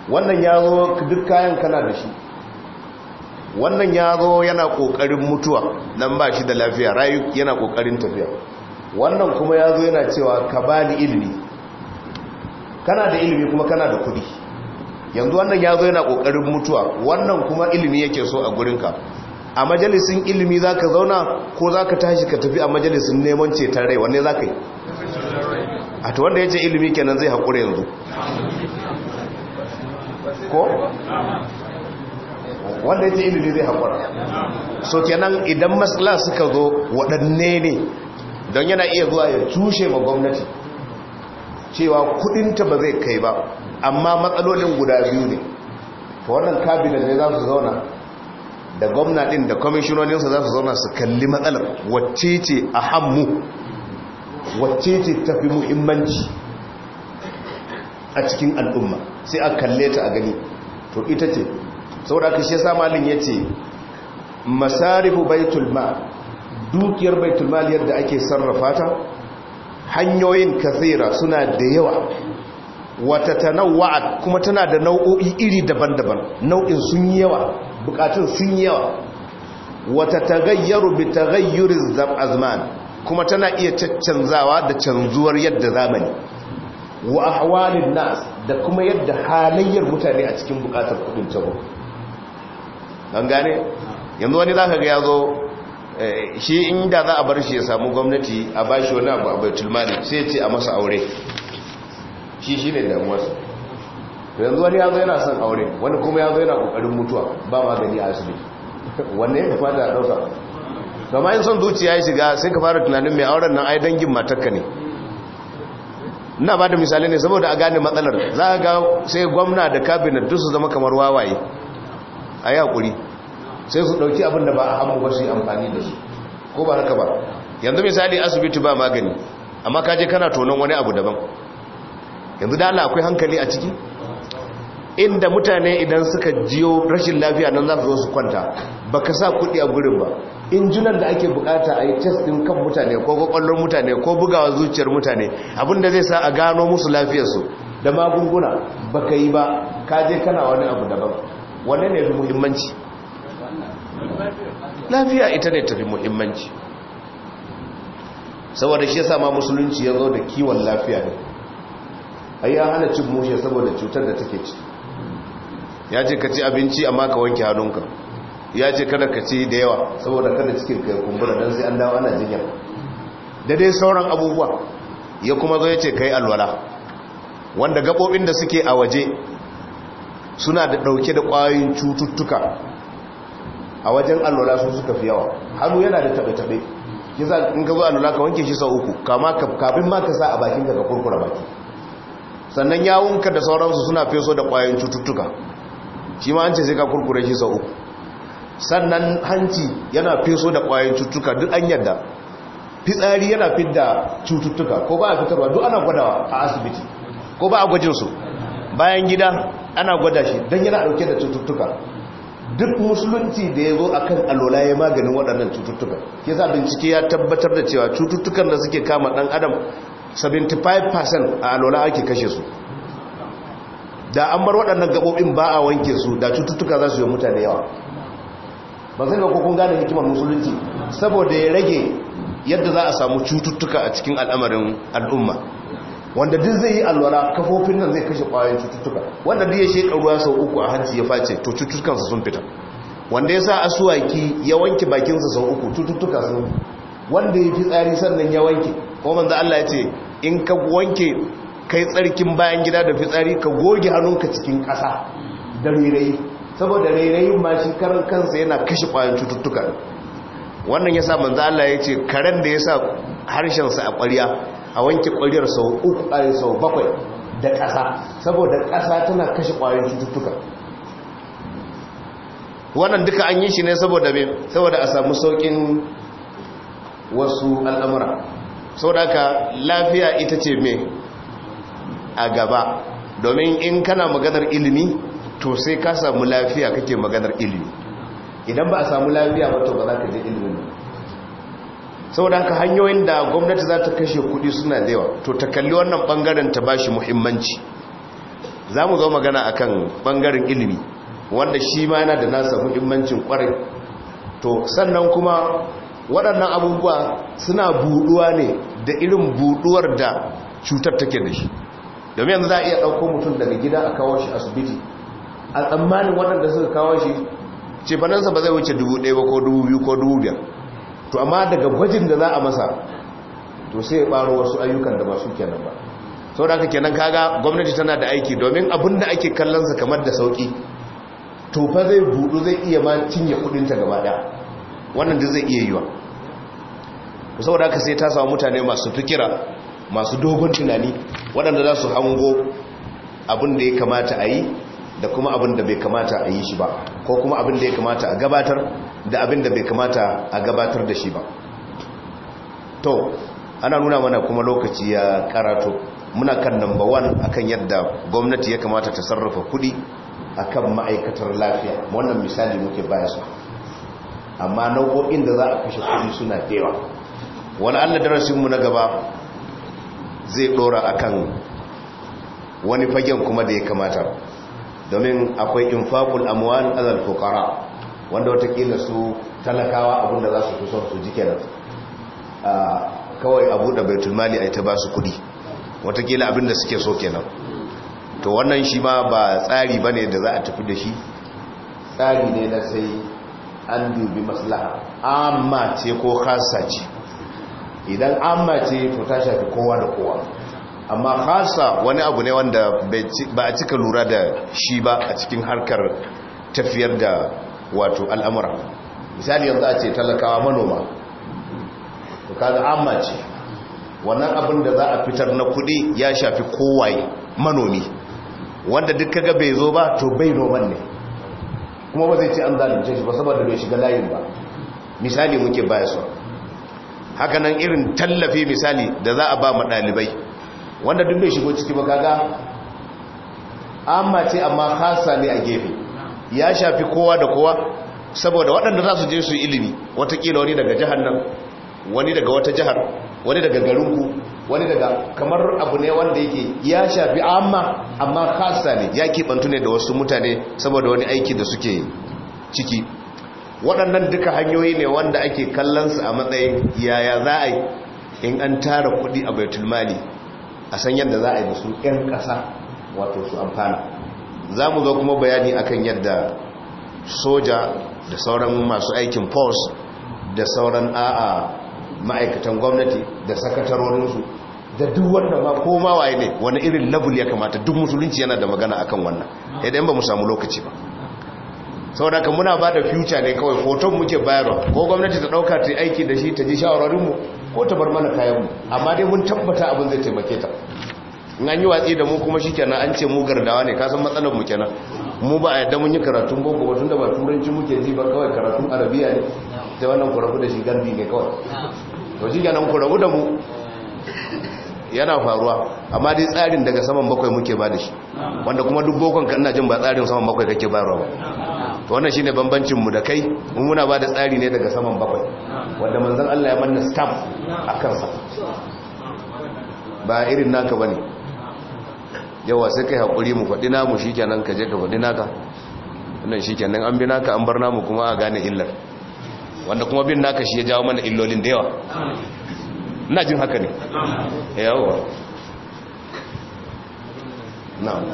wannan ya zo duk kayan kana da shi wannan ya zo yana kokarin mutuwa nan ba shi da lafiya rayu yana kokarin tafiya wannan kuma ya zo yana cewa ka bani ilimi kana da ilimi kuma kana da kudi yanzu wannan ya zo yana kokarin mutuwa wannan kuma ilimi yake so a gurinka a majalisin ilimi za ka zauna ko za ka tashi ka tafi a majalisin neman ceton rai wanne za ka yi a ta wanda ya ce ilimi kenan zai haƙura yanzu ko? wanda ya ce ilimi zai haƙura so kenan idan matsala suka zo waɗanne ne don yana iya zuwa ya cushe ma gwamnati cewa kudinta ba zai kai ba amma matsalolin guda biyu ne ta wannan kabinan ne za su zauna da gwamna din da kwamishinoninsa za su zauna su kalli matsalar wacce ce a hannu wacce ce tafi muhimmanci a cikin al'umma sai a kalle ta a gani to ita ce saboda aka shi samalin ya ce masarifu bai tulma, dukiyar baitul yadda ake sarrafa ta hanyoyin kathira suna da yawa wata tanawa kuma tana da nau'o'i iri daban-daban nau'in sun yi yawa bukatun sun yi yawa wata tagayyaru bi tagayyuri azman kuma tana iya caccanzawa da canzuwar yadda zamani wa ahwalin nas da kuma yadda halayyar mutane a cikin bukatar kudin tabo an gane yanzu wani zaka ga yazo Eh, shi inda za a bar shi ya samu gwamnati a ba shi wani abu abu baitul sai ce a masa aure shi shi ne damuwarsa yanzu wani ya zo yana son aure wani kuma ya zo yana kokarin mutuwa ba gani a asibiti wanne ya fata a ɗauka kama yin son zuciya ya shiga sai ka fara tunanin mai auren nan ai dangin matakka ne ina ba da misali ne saboda a gane matsalar za ga sai gwamna da kabinet duk su zama kamar wawaye a yi haƙuri sai su dauki abin da ba a hannu ba su yi amfani da su ko ba haka ba yanzu misali asibiti ba magani amma ka je kana tonon wani abu daban yanzu da Allah akwai hankali a ciki inda mutane idan suka jiyo rashin lafiya nan za su zo su kwanta baka sa kuɗi a gurin ba injinan da ake bukata a yi test din kan mutane ko kwakwallon mutane ko bugawa zuciyar mutane abin da zai sa a gano musu lafiyarsu da magunguna baka yi ba ka je kana wani abu daban wanne ne fi muhimmanci lafiya ita ne tafi muhimmanci saboda shi yasa ma musulunci ya zo da kiwon lafiya ne ai an hana cin mushe saboda cutar da take ci ya ce ka ci abinci amma ka wanke hannunka ya ce kada ka ci da yawa saboda kada cikin kai kumbura don sai an dawo ana jinya da dai sauran abubuwa ya kuma zo ya ce kai alwala wanda gabobin da suke a waje suna da dauke da kwayoyin cututtuka a wajen alwala su suka fi yawa hannu yana da tabe-tabe kisa in ka zo alwala ka wanke shi sau uku kama kafin ma ka sa a bakin daga kurkura baki sannan yawunka da sauransu suna feso da ƙwayoyin cututtuka shi ma an ce sai ka kurkure shi sau uku sannan hanci yana feso da ƙwayoyin cututtuka duk an yadda fitsari yana fidda cututtuka ko ba a fitarwa duk ana gwadawa a asibiti ko ba a gwajinsu bayan gida ana gwada shi don yana ɗauke da cututtuka duk musulunci da ya zo a kan alola ya maganin waɗannan cututtukan ya sa bincike ya tabbatar da cewa cututtukan da suke kama ɗan adam 75% a alola ake kashe su da an bar waɗannan gaɓoɓin ba a wanke su da cututtuka za su yi mutane yawa ba zai ga kun gane hikimar musulunci saboda ya rage yadda za a samu cututtuka a cikin al'amarin al'umma wanda duk zai yi alwara, kafofin nan zai kashe kwayoyin cututtuka wanda duk ya sheka ruwa sau uku a hanci ya face to cututtukansa sun fita wanda ya sa asuwaki ya wanke bakinsa sau uku cututtuka sun wanda ya fi tsari sannan ya wanke kuma manzo Allah ya ce in ka wanke kai tsarkin bayan gida da fitsari ka goge hannunka cikin ƙasa da rairayi saboda rairayin ma shi karan kansa yana kashe kwayoyin cututtuka wannan ya sa manzo Allah ya ce karen da ya sa harshensa a ƙwarya a wanke ƙwariyar sau uku ayi sau bakwai da ƙasa saboda ƙasa tana kashe ƙwayoyin cututtuka wannan duka an yi shi ne saboda saboda a samu sauƙin wasu al'amura saboda haka lafiya ita ce me a gaba domin in kana maganar ilimi to sai ka samu lafiya kake maganar ilimi idan ba a samu lafiya wato ba za ka je ilimin saboda haka hanyoyin da gwamnati za ta kashe kudi suna da yawa to ta kalli wannan bangaren ta bashi muhimmanci za mu zo magana a kan bangaren ilimi wanda shi ma yana da nasa muhimmancin kwarai to sannan kuma waɗannan abubuwa suna buɗuwa ne da irin buɗuwar da cutar take da shi domin yanzu za a iya ɗauko mutum daga gida a kawo shi asibiti a tsammanin waɗanda suka kawo shi cefanansa ba zai wuce dubu ɗaya ba ko dubu biyu ko dubu biyar to amma daga gwajin da za a masa to sai ya baro wasu ayyukan da ba su kenan ba sau da kenan kaga gwamnati tana da aiki domin abin da ake kallonsa kamar da sauki tofa zai budu zai iya ma cinye kudinta gaba daya wannan da zai iya yiwa sau da sai ta samu mutane masu fikira masu dogon tunani waɗanda za su hango abin da ya kamata a yi da kuma abin da bai kamata a yi shi ba ko kuma abin da ya kamata a gabatar da abin da bai kamata a gabatar da shi ba to ana nuna mana kuma lokaci ya karato muna kan number one akan yadda gwamnati ya kamata ta sarrafa kudi akan ma'aikatar lafiya wannan misali muke baya su amma nau'o'in da za a kashe kudi suna dewa wani allah mu na gaba zai dora akan wani fagen kuma da ya kamata domin akwai infaqul amwal alal fuqara wanda watakila su talakawa abinda za su fi son su ji kenan ah, kawai abu da baitul mali ai ta ba su kudi watakila abinda suke so kenan to wannan shi ma ba tsari bane da za a tafi da shi tsari ne na sai an dubi maslaha amma ce ko khassa idan amma ce to ta shafi kowa da kowa amma hasa wani abu ne wanda ba a cika lura da shi ba a cikin harkar tafiyar da wato al'amura misali yanzu a ce talakawa manoma to kaga amma ce wannan abin da za a fitar na kudi ya shafi kowaye manomi wanda duk kaga bai zo ba to bai noman ne kuma ba zai ce an zalunce shi ba saboda bai shiga layin ba misali muke bayaswa hakanan irin tallafi misali da za a ba ma ɗalibai wanda duk bai shigo ciki ba kaga amma ce amma khasa ne a gefe ya shafi kowa da kowa saboda waɗanda za su je su ilimi watakila wani daga jihar nan wani daga wata jihar wani daga garinku wani daga kamar abu ne wanda yake ya shafi amma amma khasa ne ya keɓantu ne da wasu mutane saboda wani aiki da suke ciki waɗannan duka hanyoyi ne wanda ake kallonsu a matsayin yaya za a yi in an tara kuɗi a baitulmali a san yadda za a yi musu su 'yan ƙasa wato su amfana za mu zo kuma bayani akan yadda soja da sauran masu aikin pos da sauran a'a ma'aikatan gwamnati da sakatarorinsu da duk wanda ma ko ma waye ne wani irin level ya kamata duk musulunci yana da magana akan wannan idan ba mu samu lokaci ba saboda ka muna ba da future ne kawai hoton muke bayarwa ko gwamnati ta dauka ta aiki da shi ta ji shawararinmu ko ta bar mana kayanmu amma dai mun tabbata abin zai taimake ta in an yi watsi da mu kuma shi kenan an ce mu gardawa ne kasan matsalar mu kenan mu ba a yadda mun yi karatun boko tun da ba turanci muke ji ba kawai karatun arabiya ne sai wannan kurabu da shi garbi ne kawai to shi kenan kurabu da mu yana faruwa amma dai tsarin daga saman bakwai muke ba da shi wanda kuma duk bokon kan ina jin ba tsarin saman bakwai kake bayarwa ba to wannan shine bambancin mu da kai Mun muna ba da tsari ne daga saman bakwai wanda manzon Allah ya manna stamp a sa ba irin naka bane yawa sai kai hakuri mu faɗi namu shikenan ka je ka faɗi naka wannan shikenan an bi naka an bar namu kuma a gane illar wanda kuma bin naka shi ya jawo mana illolin da yawa ina jin haka ne yawa na'am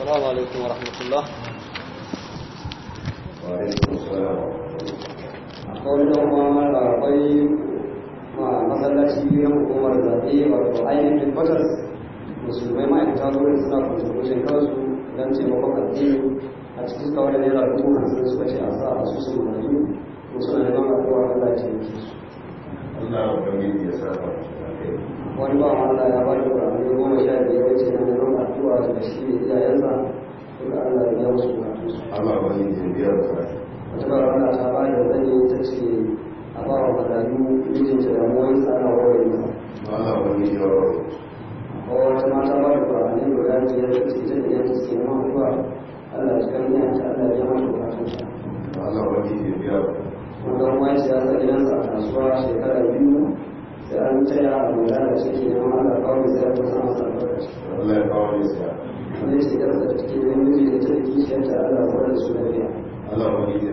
السلام عليكم ورحمة الله وعليكم السلام قوله ما العظيم ما مثلا شيء عمر الزقي والقرآن من بكر musulmai ma'aikata wurin suna kusurkushin kansu don taimakon addini a cikin kawai naira dubu hamsin suka ce a sa a su su marayu ko suna neman a kowa Allah ya ce Allah ya sa ba wani ba Allah ya ba shi ranar goma sha biyar ya ce na neman addu'a da shi da iyayensa duka Allah ya biya musu bukatu su Allah ba ni da biyar wata ba Allah ta ba da zane ta ce a ba wa marayu mijinta da muwan tsara wawaye masa Allah ba ni da wawaye a wata mata ba da da ya ya ce ta da ya ke ma ba Allah ya kan yi ta Allah ya mata bukatun sa Allah ba ni da biyar wata kuma ya ce ya sa gidansa a kasuwa shekara biyu an taya a lura da ciki na mala kawai zai ta sama Allah wani da ya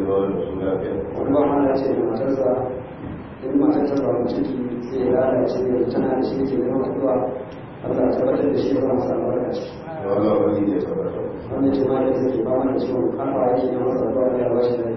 wani ciki da shi tabbatar da shi ba wani da ke ba mana ciwon kafa yake na masa albarkaci